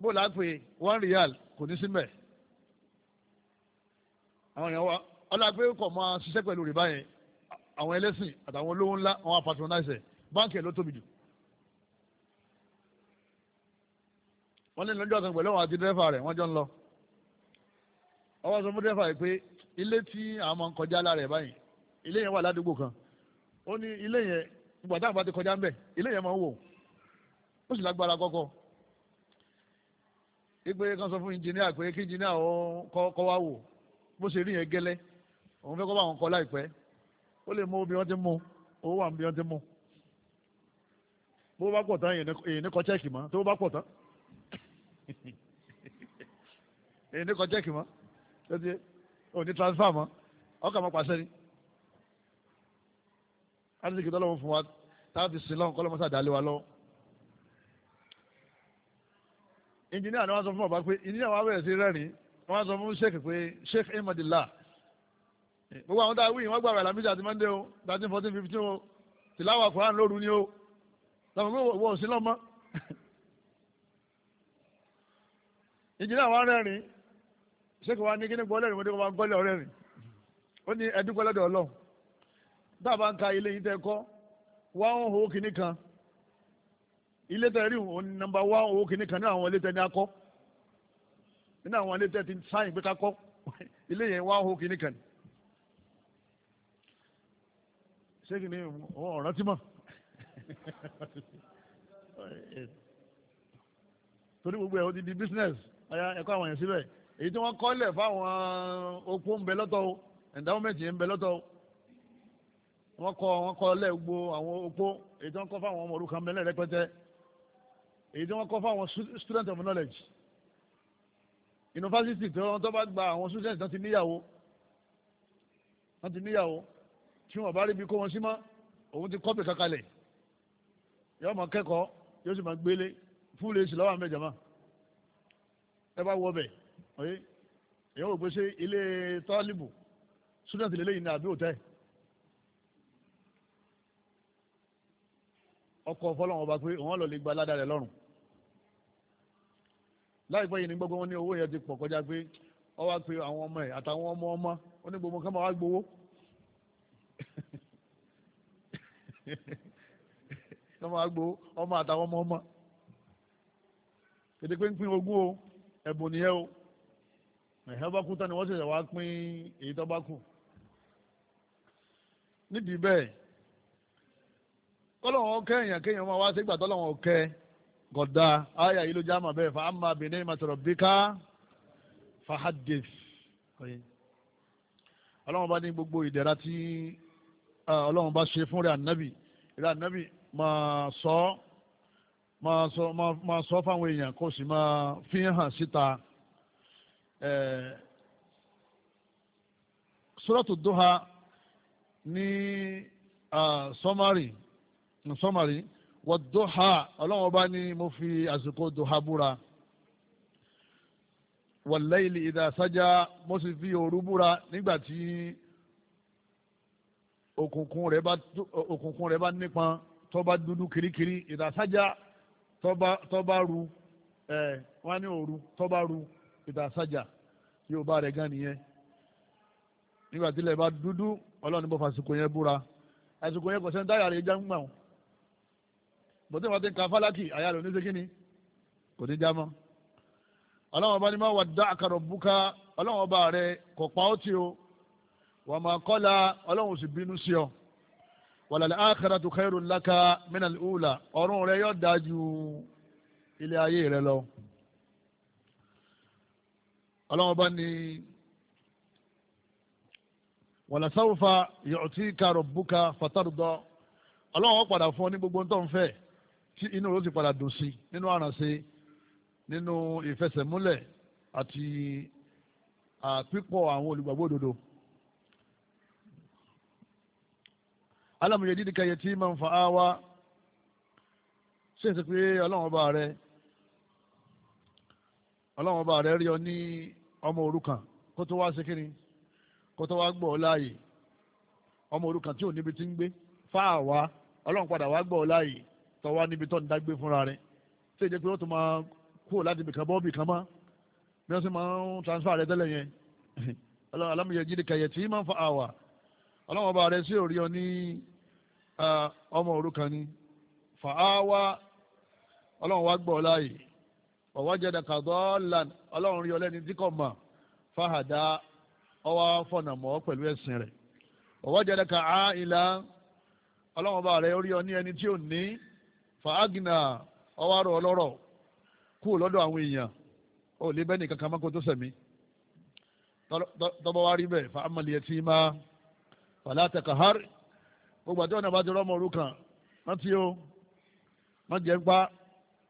bó lápè one real kò ní símẹ̀ àwọn èèyàn wa ọlọ́pàá kò máa ṣiṣẹ́ pẹ̀lú rìbá yẹn àwọn ẹlẹ́sìn àtàwọn olówó ńlá àwọn patronize báńkì ẹ̀ ló tóbi jù. wọ́n ní lọ́jọ́ kan pẹ̀lú àwọn àti dírẹ́fà rẹ̀ wọ́n jọ ń lọ. ọwọ́ sọ fún dírẹ́fà yìí pé ilé tí àwọn máa ń kọjá lára ẹ̀ báyìí ilé yẹn wà ládùúgbò kan ó ní ilé yẹn ìgbà táwọn bá ti kọjá ń bẹ̀ ilé yẹn máa ń wò ó sì lágbára kọ́kọ́ ipe kan sọ fún engineer pé kí engineer ó kọ́ wá wò bó ṣe rí yẹn gẹ́lẹ́ òun fẹ́ kọ́ bá wọn kọ́ láìpẹ́ ó lè mú bí wọ́n ti mú owó wà bí wọ́n ti mú bó bá pọ̀ tán èyí ní kọ chẹ́ẹ̀kì mọ́ tó bá pọ̀ tán èyí ní kọ chẹ́ẹ̀kì mọ́ tó ti ò ní transfer mọ́ ọkà máa pàṣẹ ni arísìkì tọ́lọ́mù fún wa táàbì sílọ́n kọ́lọ́mọ́sá dálé wa lọ́wọ́ engineer ni wọ́n sọ fún ọba pé engineer wa bẹ̀rẹ̀ sí rẹ́rìn-ín wọ́n sọ fún sheikh pé sheikh imadillah gbogbo àwọn dáa wíyìn wọ́n gbàgbà àlàmísì àti mọ́ndé o thirteen fourteen fifteen o tìláwà koran lóru ni o tàbí pé wọ́n sí lọ́mọ́ ìjìnlẹ̀ wa ní kí ní gbọ́ lẹ́rìn mọ́tò kó máa gbọ́lẹ̀ ọ̀rẹ́rìn ó ní ẹdúpẹ́ lọ́dọ̀ ọlọ́run ń ka ilé yìí tẹ́ kọ́ wá ń hó kinní kan ilé tẹ́ rí òun wá ń hó kan àwọn ilé tẹ́ ní ṣé kì ní ọ̀rọ̀ tí mọ̀ torí gbogbo ẹ̀ ó ti di business ọ̀yà ẹ̀kọ́ àwọn yẹn síbẹ̀ èyí tí wọ́n kọ́lẹ̀ fáwọn opó ń bẹ lọ́tọ̀ o endowment yẹn ń bẹ lọ́tọ̀ o wọ́n kọ́ wọ́n kọ́lẹ̀ gbogbo àwọn opó èyí tí wọ́n kọ́ fáwọn ọmọ òrukàn bẹ́ẹ̀ rẹpẹtẹ èyí tí wọ́n kọ́ fáwọn student of knowledge University tó wọ́n tó bá gba àwọn student tó ti níyàwó wọ́n ti níyàwó tí wọn bá rí ibi kó wọn sí mọ́ òun ti kọ́pì kankalẹ̀ yóò máa kẹ́kọ̀ọ́ yóò sì máa gbélé fúlẹ̀ sí lọ́wọ́ àmẹ́jọ mọ́ ẹ bá wọ bẹ̀ ọ̀yẹ́ èyí wò pé ṣé ilé tọ́lìbù student lélẹ́yìn ní àbí òtẹ́ ọkọ̀ fọlọ́wọn ọba pé òun lọ lè gba aládàá rẹ̀ lọ́rùn láìpẹ́ yìí ní gbogbo wọn ní owó yẹn ti pọ̀ kọjá pé ó wá pé àwọn ọmọ ẹ̀ àtàwọn ọmọ ọmọ ó kọ́ máa wá gbowó ọmọ agbo ọmọ àtàwọn ọmọ ọmọ kété pé ń pín ogún o ẹ̀bùn nìyẹn o ẹ̀hẹ́ bá kú tán ni wọ́n ṣẹ̀ṣẹ̀ wá pín èyí tó bá kù nídìí bẹ́ẹ̀ kọ́lọ́wọ́n kẹ́ èèyàn kéèyàn máa wá sí ìgbà tọ́lọ́wọ́n kẹ́ gọ̀dá ayà yìí ló já mà bẹ́ẹ̀ fàá máa bìnrin máa sọ̀rọ̀ bíká fahadif ọlọ́wọ́n bá ní gbogbo ìdẹ̀ra tí ọlọ́wọ́n bá ṣe fún rẹ̀ ànábì ìlà nàbì máa sọ máa sọ máa sọ fáwọn èèyàn kó sì máa fi hàn síta suratu duha ní sọmárì sọmárì wàdúhà ọlọ́run ọba ní mo fi àsìkò duha búra wàlẹ́yìlì ìdá sájà mo sì fi òru búra nígbà tí òkùnkùn rẹ̀ bá òkùnkùn rẹ̀ bá nípọn tó bá dúdú kirikiri ìdàsájà tó bá ru ẹ̀ wọ́n ní òru tó ru ìdàsájà yóò bá rẹ̀ gan nìyẹn nígbà tí ilẹ̀ bá dúdú ọlọ́run ní bó fasikò yẹn búra àsìkò yẹn kò sẹ́ni táyà rẹ̀ já ń gbà wọ́n bọ́tí wọn ti ń ka fálákì àyà rẹ̀ oníṣẹ́ kínní kò ní já mọ́ ọlọ́run ọba ni má wà dá àkàrọ̀ búká ọlọ́run ọba rẹ̀ kọ̀ pa ó ti o wọ́n máa kọ́la ọlọ́run sì bínú sí ọ wàlàlẹ́ akhiratu khairun laka minal ula ọ̀run rẹ yóò dáa ju ilé ayé rẹ lọ. ọlọ́run bá ní walasawfa yu'tika rabbuka fatarda ọlọ́run padà fún ọ ní gbogbo tó ń tí inú rẹ sì padà dùn sí nínú àrànṣe nínú ìfẹsẹ̀múlẹ̀ àti àpípọ̀ àwọn olùgbàgbọ́ òdodo. alámùyẹ dídìkà yẹ tí máa ń fa áwá ṣé èsì pé ọlọ́run ọba rẹ ọlọ́run ọba rẹ rí ọ ní ọmọ òrukàn kó tó wá ṣe kínní kó tó wá gbọ́ ọ láàyè ọmọ òrukàn tí ò níbi tí ń gbé fáàwá ọlọ́run padà wá gbọ́ ọ láàyè tó wá níbi tó ń dágbé fúnra rẹ ṣé èdè ó tún máa kúrò láti ibìkan bọ́ ibìkan mọ́ bí wọ́n sì máa ń transfer rẹ tẹ́lẹ̀ yẹn alámùyẹ dídìkà yẹ tí máa ń fa áwá. ọlọ́wọ́n bá rẹ̀ sí orí ọ ní ọmọ òrukàn ni fàáwá ọlọ́run wá gbọ́ láàyè ọ̀wájẹ́dà kàdọ́ọ̀là ọlọ́run rí ọlẹ́ni tí kò mọ̀ ọwọ́ fọ̀nà mọ́ pẹ̀lú ẹ̀sìn rẹ̀ á ìlà rẹ̀ orí ọ ní ẹni tí ò ní fàágìnà ọwọ́ àrò ọlọ́rọ̀ kú lọ́dọ̀ àwọn èèyàn lè bẹ́ẹ̀ fàlà àtẹkàhárì gbogbo àti ọ̀nà bá ti rọ́mọ òrukàn má ti o má jẹ́ ń pa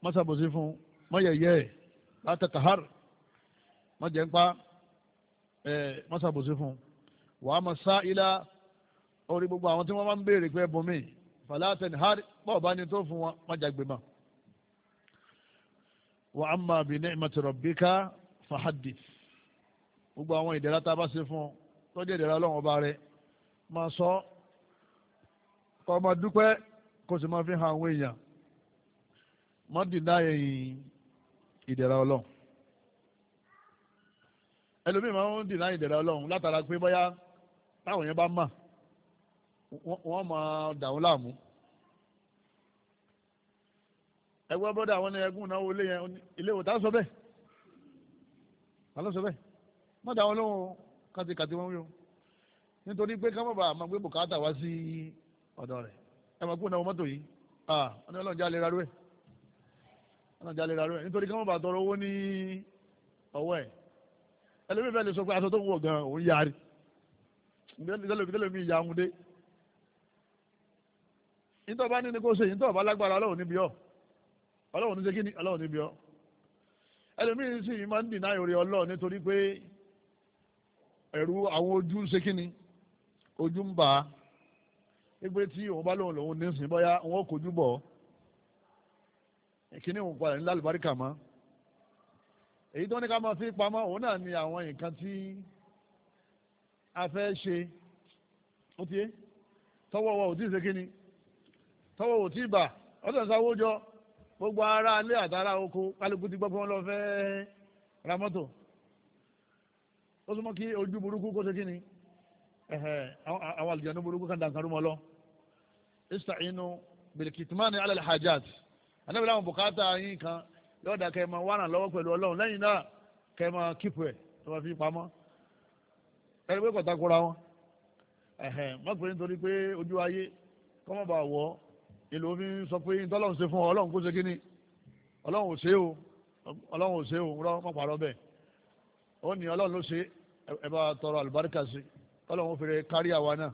má sàbòsí fún má yẹ̀yẹ́ ẹ̀ fàlà àtẹkàhárì má jẹ́ ń pa má sàbòsí fún wàá ma sá ilá orí gbogbo àwọn tí wọ́n máa ń béèrè pé ẹ̀bùn mi fàlà àtẹnihárì bọ́ọ̀ bá ní tó fún wọn má jàgbé mọ́ wa amma bi ni'mati rabbika fahaddith gbogbo àwọn ìdẹ̀ra tá a bá ṣe fún ọ tó jẹ́ ọlọ́run ọba rẹ̀ máa sọ kọ́ máa dúpẹ́ kó sì máa fi hàn àwọn èèyàn má dìnnà ẹ̀yìn ìdẹ̀ra ọlọ́run ẹlòmíì máa ń dìnnà ìdẹ̀ra ọlọ́run látara pé bóyá táwọn yẹn bá mà wọ́n máa dà wọ́n láàmú ẹgbẹ́ bọ́dà àwọn ẹgún náà wọlé yẹn ilé ìwòta sọ bẹ́ẹ̀ alọ́ sọ bẹ́ẹ̀ má dà wọ́n lóhùn kàtìkàtì wọn wí o nítorí pé ká bàbá àmọ́ gbé bùkátà wá sí ọ̀dọ̀ rẹ̀ ẹ máa kúrò náà mọ́tò yìí ọ̀nà ọlọ́run já lè rarú ẹ̀ ọ̀nà já lè rarú ẹ̀ nítorí ká bàbá tọrọ owó ní ọwọ́ ẹ̀ ẹlẹ́mìí fẹ́ lè sọ pé aṣọ tó ń wọ̀ gan òun yarí ìdẹ́lẹ́mìí ya ń dé ìtọ́ bá ní ni kó ṣe ìtọ́ bá lágbára ọlọ́run níbi ọ́ ọlọ́run ní ṣe kí ni ọlọ́run níbi ọ́ ẹlẹ́mìí sì máa ń dìnnà ìrè ọlọ́run nítorí pé ẹ̀rù àwọn ojú ń ṣe kí ni ojú ń bà á pé tí òun bá lóun lòun nísìn bóyá òun ó kojú bọ̀ kíní òun padà ní lálùbáríkà mọ́ èyí tó ní ká máa fi pamọ́ òun náà ni àwọn nǹkan tí a fẹ́ ṣe ó tiẹ́ tọwọ́ wa ò tí ì ṣe kíni tọwọ́ ò bà ọ̀sán sáwó jọ gbogbo ara ilé àtàrà oko kálukú ti gbọ́ pé wọ́n lọ fẹ́ ra mọ́tò ó súnmọ́ kí ojú burúkú kó ṣe kíni àwọn àlùjànnú a kan dànkarú mọ́ lọ istainu bilkitmani ala alhajat anábì láwọn bùkátà yín kan yọ̀ọ̀dà da ẹ máa wá ràn lọ́wọ́ pẹ̀lú ọlọ́run lẹ́yìn náà kẹ́ ẹ máa kíp tó bá fi pamọ́ o ọlọ́run ò ṣe o rọ́ mọ́pàá rọ́ kọ́lọ́wọ́n fèrè kárí àwa náà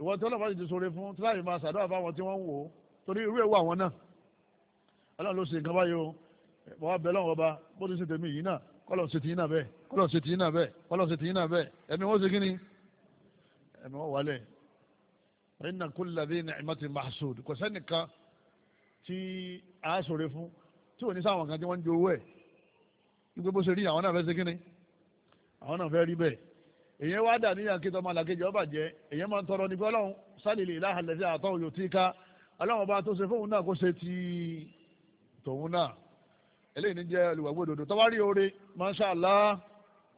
ìwọ́n tí ọlọ́pàá ti sọ̀rọ̀ fún tíláàmì máa ṣàdúrà fáwọn tí wọ́n ń wò ó torí irú èwo àwọn náà ọlọ́run ló ṣe nǹkan báyìí o mọ̀ wá bẹ̀ lọ́wọ́ ọba bó ti ṣe tèmi yìí náà kọ́lọ̀ ṣe tìyín náà bẹ́ẹ̀ kọ́lọ̀ ṣe tìyín náà bẹ́ẹ̀ kọ́lọ̀ ṣe tìyín náà bẹ́ẹ̀ ẹ̀mí wọ́n ṣe kí ni ẹ̀mí wọ́n wálẹ̀ inna kulla dhi ni'matin mahsud kò sẹ́nìkan tí a sọ̀rọ̀ fún tí ò sáwọn kan tí wọ́n ń jowó ẹ̀ gbogbo bó ṣe rí àwọn náà fẹ́ ṣe kí ni àwọn náà fẹ́ rí bẹ́ẹ̀ èyàn wá dà níyàn kí tọmọ làkejì ọba jẹ èyàn máa ń tọrọ nígbà ọlọ́run sálìlì ìlàhà lẹ́sẹ̀ àtọ́ òyò tí ká ọlọ́run ọba tó ṣe fóun náà kó ṣe ti tòun náà eléyìí ní jẹ́ olùwàgbọ́ òdòdó tọ́wárí oore masha Allah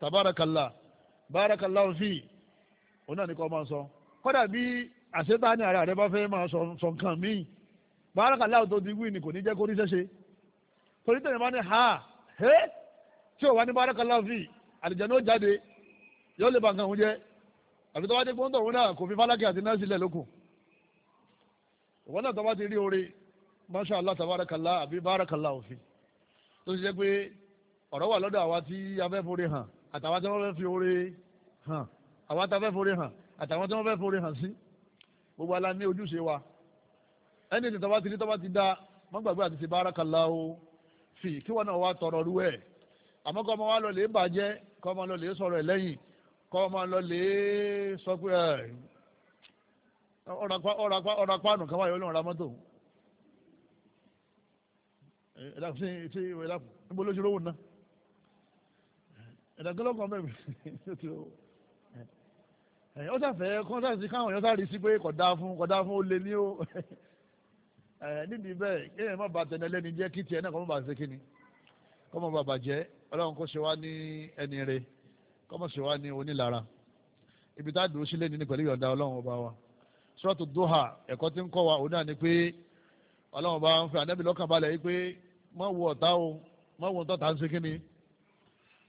tabarakallah barakallahu fi òun náà ní kọ́ máa sọ kódà bí àṣetá ara rẹ bá fẹ́ máa sọ nǹkan míì barakallahu tó ti wí kò ní jẹ́ kó rí ṣẹ́ṣe torí tẹ̀yìn yóò lè ba nǹkan òun jẹ́ àbí tọ́wá dé gbóńtò òun náà kò fi fálákì àti náà sílẹ̀ lókun ìwọ náà tọ́wá ti rí oore masha allah tabarakala àbí barakala òfin tó ṣe jẹ́ pé ọ̀rọ̀ wà lọ́dọ̀ àwa tí a forí hàn àtàwọn tí wọ́n fẹ́ fi oore hàn àwa tá a forí hàn àtàwọn tí wọ́n fẹ́ forí hàn sí gbogbo ala ní ojúṣe wa ẹni tí tọ́wá ti rí tọ́wá ti dá má gbàgbé àti ti barakala o fi kí wọn náà wá tọrọ rú ẹ̀ àmọ́ kọ́ ọmọ wa lọ lè bàjẹ́ kọ́ ọmọ lọ lè sọ̀rọ̀ ẹ̀ lẹ́yìn kọ́ ọmọ lọ lè sọ pé ọ̀rọ̀ apáànù kan wáyé olóhùn ra mọ́tò ẹ̀dàkùn sí etí ìwé ẹ̀dàkùn níbo ló ṣe rówó ná ẹ̀dàkùn lọ́kàn bẹ́ẹ̀ mi ó sàfẹ́ kọ́ńtàsì káwọn èèyàn sáré sí pé kódà fún kódà fún ó lé ní ó nídìí bẹ́ẹ̀ kéèyàn má ba tẹ̀lé lẹ́ni jẹ́ kí tiẹ̀ náà kọ́ mọ́ bá ṣe kí ni kọ́ mọ́ bá bàjẹ́ ọlọ́run kó ṣe wá ní ẹni rẹ̀ kọ́mọ̀sí wa ní onílara ibi tá a dúró sílé ní pẹ̀lú ìyọ̀ǹda ọlọ́run ọba wa sọ́ọ̀tù dóhà ẹ̀kọ́ tí ń kọ́ wa òun náà ni pé ọlọ́run ọba ń fẹ́ ànábì lọ́kàn balẹ̀ yìí pé má wo ọ̀tá o má wo tọ́ta ń ṣe kí ni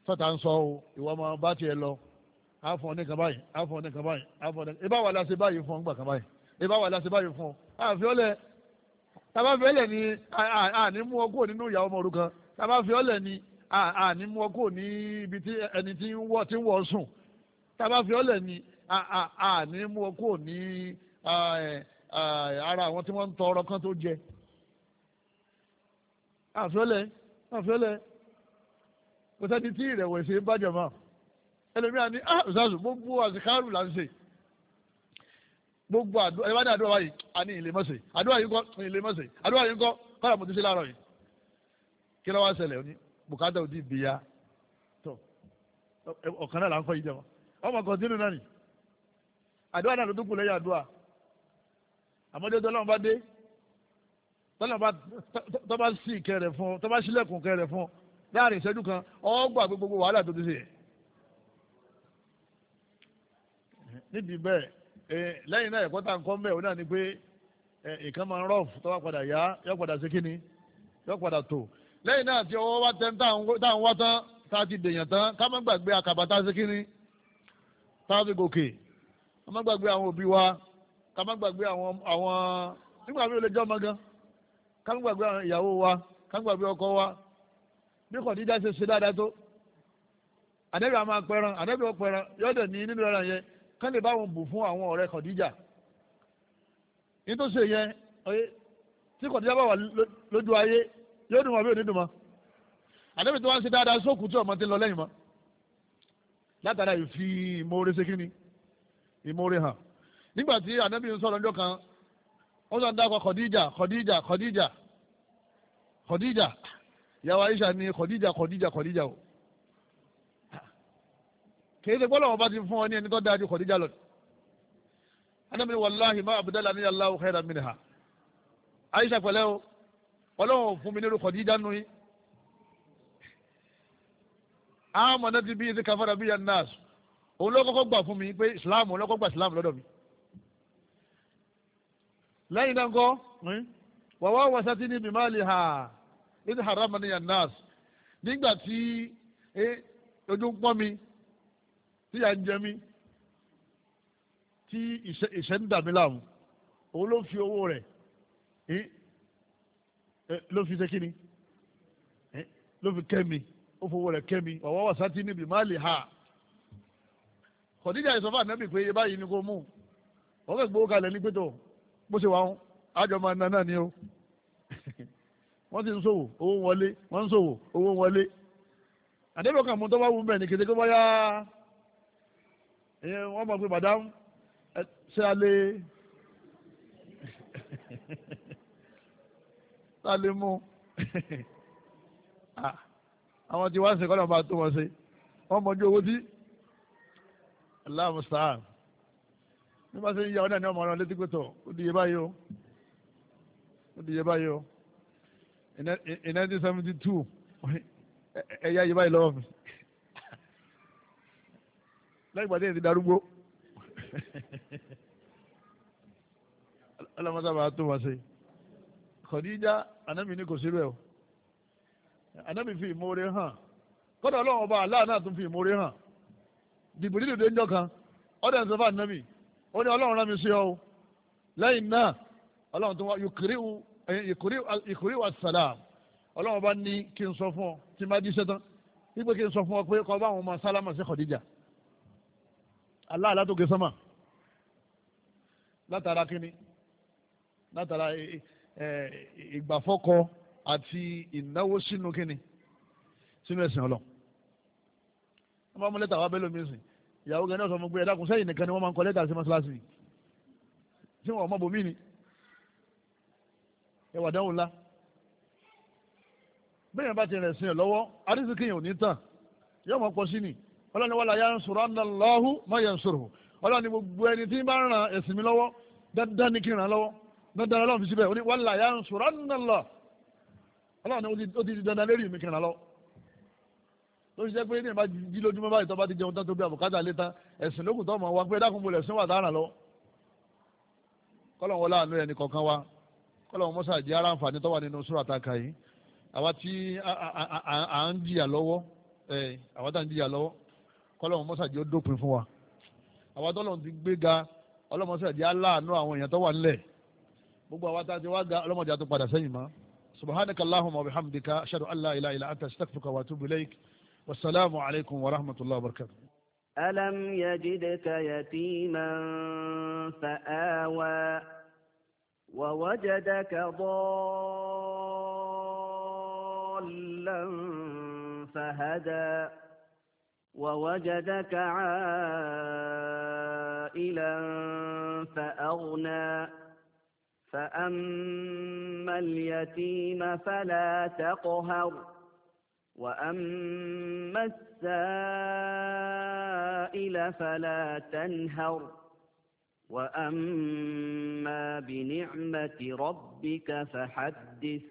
tọ́ta ń sọ o ìwọ ọmọ bá tiẹ̀ lọ àfọ̀n ní kan báyìí àfọ̀n ní kan báyìí àfọ̀n ní kan báyìí ìbá wà láṣẹ báyìí fún ọgbà kan báyìí ìbá wà láṣẹ báyìí fún ọ ni àní mú ọkọ̀ nínú ìyàwó ni àní mú ọ kò ní ibi tí ẹni tí ń wọ́ tí ń wọ́ sùn tábà fi ọlẹ̀ ni àní mú ọ kò ní ara àwọn tí wọ́n ń tọrọ kan tó jẹ àfiọ́lẹ̀ àfiọ́lẹ̀ kò sẹ́ni tí ìrẹ̀wẹ̀sì ń bàjẹ́ mọ́ ẹlòmíà ní ah ṣáàṣù gbogbo àṣekárù là ń ṣe gbogbo àdúrà ẹ bá ní àdúrà wáyé a ní ilé mọ́sẹ̀ àdúrà yìí kọ́ ilé mọ́sẹ̀ àdúrà yìí kọ́ kọ́ra mo ti láàárọ̀ yìí kí ló wá ṣẹlẹ̀ bùkátà ò ti bìyà tó ọ̀kan náà là ń kọ́ yìí jẹ́ wọn ọmọ kọ̀ọ̀tínú náà nì àdúrà náà ló tún kù lẹ́yìn àdúrà àmọ́dé tó lọ́wọ́ bá dé tó bá sí ìkẹrẹ fún tó bá sílẹ̀kùn kẹrẹ fún láàrin ìṣẹ́jú kan ọgbà gbogbo wàhálà tó ti ṣe. níbi bẹ́ẹ̀ lẹ́yìn náà ẹ̀kọ́ tá à ń kọ́ mbẹ́ òun náà ni pé nǹkan máa ń rọ́ọ̀f tó bá padà yá yọ padà sí kíni yọ padà tó lẹ́yìn náà tí ọwọ́ wá tẹ́ táwọn wá tán tá a ti dèèyàn tán ká má gbàgbé àkàbà tá a ṣe kínní tá a fi gòkè ká má gbàgbé àwọn òbí wa ká má gbàgbé àwọn àwọn nígbà mi ò lè jẹ́ ọmọ gan ká má gbàgbé àwọn ìyàwó wa ká má gbàgbé ọkọ wa bí kò dídá ṣe ṣe dáadáa tó àdẹ́bí àwọn apẹran àdẹ́bí ọpẹran yọ̀dọ̀ ní nínú ẹran yẹn kán lè bá wọn bù fún àwọn ọ̀rẹ́ kọ̀díjà nítòsí yẹn tí kọ̀díjà bá wà lójú ayé yóò dùn mọ́ àbí ò ní dùn mọ́ àdébí tí wọ́n ń ṣe dáadáa sóòkù tí ọmọ ti lọ lẹ́yìn mọ́ látara ìfi ìmoore ṣe kíni ìmoore hàn nígbà tí ànábì ń sọ̀rọ̀ ọjọ́ kan ó sọ dákọ̀ Khadija Khadija Khadija Khadija ìyàwó Aisha ni Khadija Khadija Khadija o kìí ṣe gbọ́dọ̀ wọn bá ti fún ọ ní ẹni tó dáa ju Khadija lọ ànábì wallahi ma abdallah ni Allahu khairan minha ọlọ́run fún mi nírú Khadija nù yín amọ̀nà ti bí ẹsẹ̀ káfárà bí yan nas òun ló kọ́kọ́ gbà fún mi pé Islam òun ló kọ́kọ́ gbà Islam lọ́dọ̀ mi lẹ́yìn náà kọ́ wàwá wasati ní bimali ha ní harama ní yan nas nígbà tí ojú ń pọ́n mi tí yà ń jẹ mí tí ìṣẹ́ ń dà mí láàmú òun ló fi owó rẹ̀ ló fi ṣe kí ni ló fi kẹ́mi ó fowó rẹ̀ kẹ́mi ọ̀wọ́ wà sátí níbi má lè ha kọ̀díjà ìsọfà nẹ́bì pé báyìí ni kò mú ọ̀gá ìgbowó kalẹ̀ ní pẹ́tọ̀ bó ṣe wà ń àjọ máa na náà ni ó wọ́n ti ń ṣòwò owó ń wọlé wọ́n ń ṣòwò owó ń wọlé àdébò kan mú tó bá wù mẹ́ ní kété kó báyà wọ́n mọ̀ pé bàdá ṣé a lè. sálé mú ah, àwọn tí wá ń sèkọ́ náà bá tó wọn ṣe wọ́n mọ̀jú owó tí aláàmú sáà ní bá ṣe ń ya ọ̀dà ní ọmọ ọ̀rọ̀ létí pé tọ̀ ó di iye báyìí o ó di iye báyìí o in nineteen seventy two ẹ̀yà iye báyìí lọ́wọ́ mi lẹ́yìn ìgbà tí èyí ti darúgbó ọlọ́mọ sábà tó wọn ṣe. Khadija anábì ní kò sí rẹ̀ o anábì fi ìmoore hàn kọ́dọ̀ ọlọ́run ọba aláà náà tún fi ìmoore hàn dìbò nílùú dénjọ́ kan ọ̀dẹ̀ ń sọ fún anábì ó ní ọlọ́run rán mi sí ọ o lẹ́yìn náà ọlọ́run tó wá ìkúrí wa sàlám ọlọ́run bá ní kí n sọ fún ọ tí n bá jí sẹ́tàn wípé kí n sọ fún ọ pé kọ́ bá àwọn ọmọ sálámà sí Khadija aláàlá tó gé sọ́mà látara kíni látara eh, eh, Eh, ìgbàfọ́kọ àti ìnáwó sínú kínni sínú ẹ̀sìn ọlọ́ wọ́n bá mú lẹ́tà wá bẹ́ẹ̀ lómi sìn ìyàwó gẹ́gẹ́ náà sọ fún pé ẹ̀dá kùn sẹ́yìn nìkan ni wọ́n máa ń kọ lẹ́tà sí mọ́ṣáláṣí tí wọ́n mọ̀ bòmí ni ẹwà dáhùn ńlá bẹ́ẹ̀ bá ti rẹ̀ sìn ẹ̀ lọ́wọ́ arísìkì yẹn ò ní tàn yóò mọ̀ pọ̀ sí ni ọlọ́ni wàlá yansuranna Allahu ma yansuruhu ọlọ́ni gbogbo ẹni tí bá ń ẹ̀sìn mi lọ́wọ́ dáadáa ní kí n ràn lọ́wọ́ dandan ọlọ́run fi síbẹ̀ ó ní wàlá ya ń sọ̀rọ̀ nàlọ́ ọlọ́run ní ó ti di dandan lérí mi kìrìnà lọ tó ṣe pé ní ìbá jí lójúmọ́ báyìí tó bá ti jẹun tán tó bí àbùkátà lé tán ẹ̀sìn lókùn tó mọ̀ wá pé dákun bolẹ̀ sínú àtàrà lọ kọ́lọ̀ wọn láàánú ẹni kọ̀ọ̀kan wa kọ́lọ̀ wọn mọ́sá jẹ́ ara àǹfààní tó wà nínú sùúrà àtàkà yìí àwa tí à ń jìyà lọ́wọ́ àwa tá à ń jìyà lọ́wọ́ kọ́lọ̀ wọn mọ́sá jẹ́ ó dópin fún wa àwa tó ti gbéga ọlọ́mọsá jẹ́ aláàánú àwọn èèyàn tó wà nílẹ̀ gbogbo àwọn àtàtì wá ga ọlọ́mọdé àti padà sẹ́yìn mọ́ subhanaka allahumma wa bihamdika ashhadu an la ilaha illa anta astaghfiruka wa atubu ilaik wasalaamu alaykum wa rahmatullahi wa barakatuh. ألم يجدك يتيما فآوى ووجدك ضالا فهدى ووجدك عائلا فأغنى فأما اليتيم فلا تقهر وأما السائل فلا تنهر وأما بنعمة ربك فحدث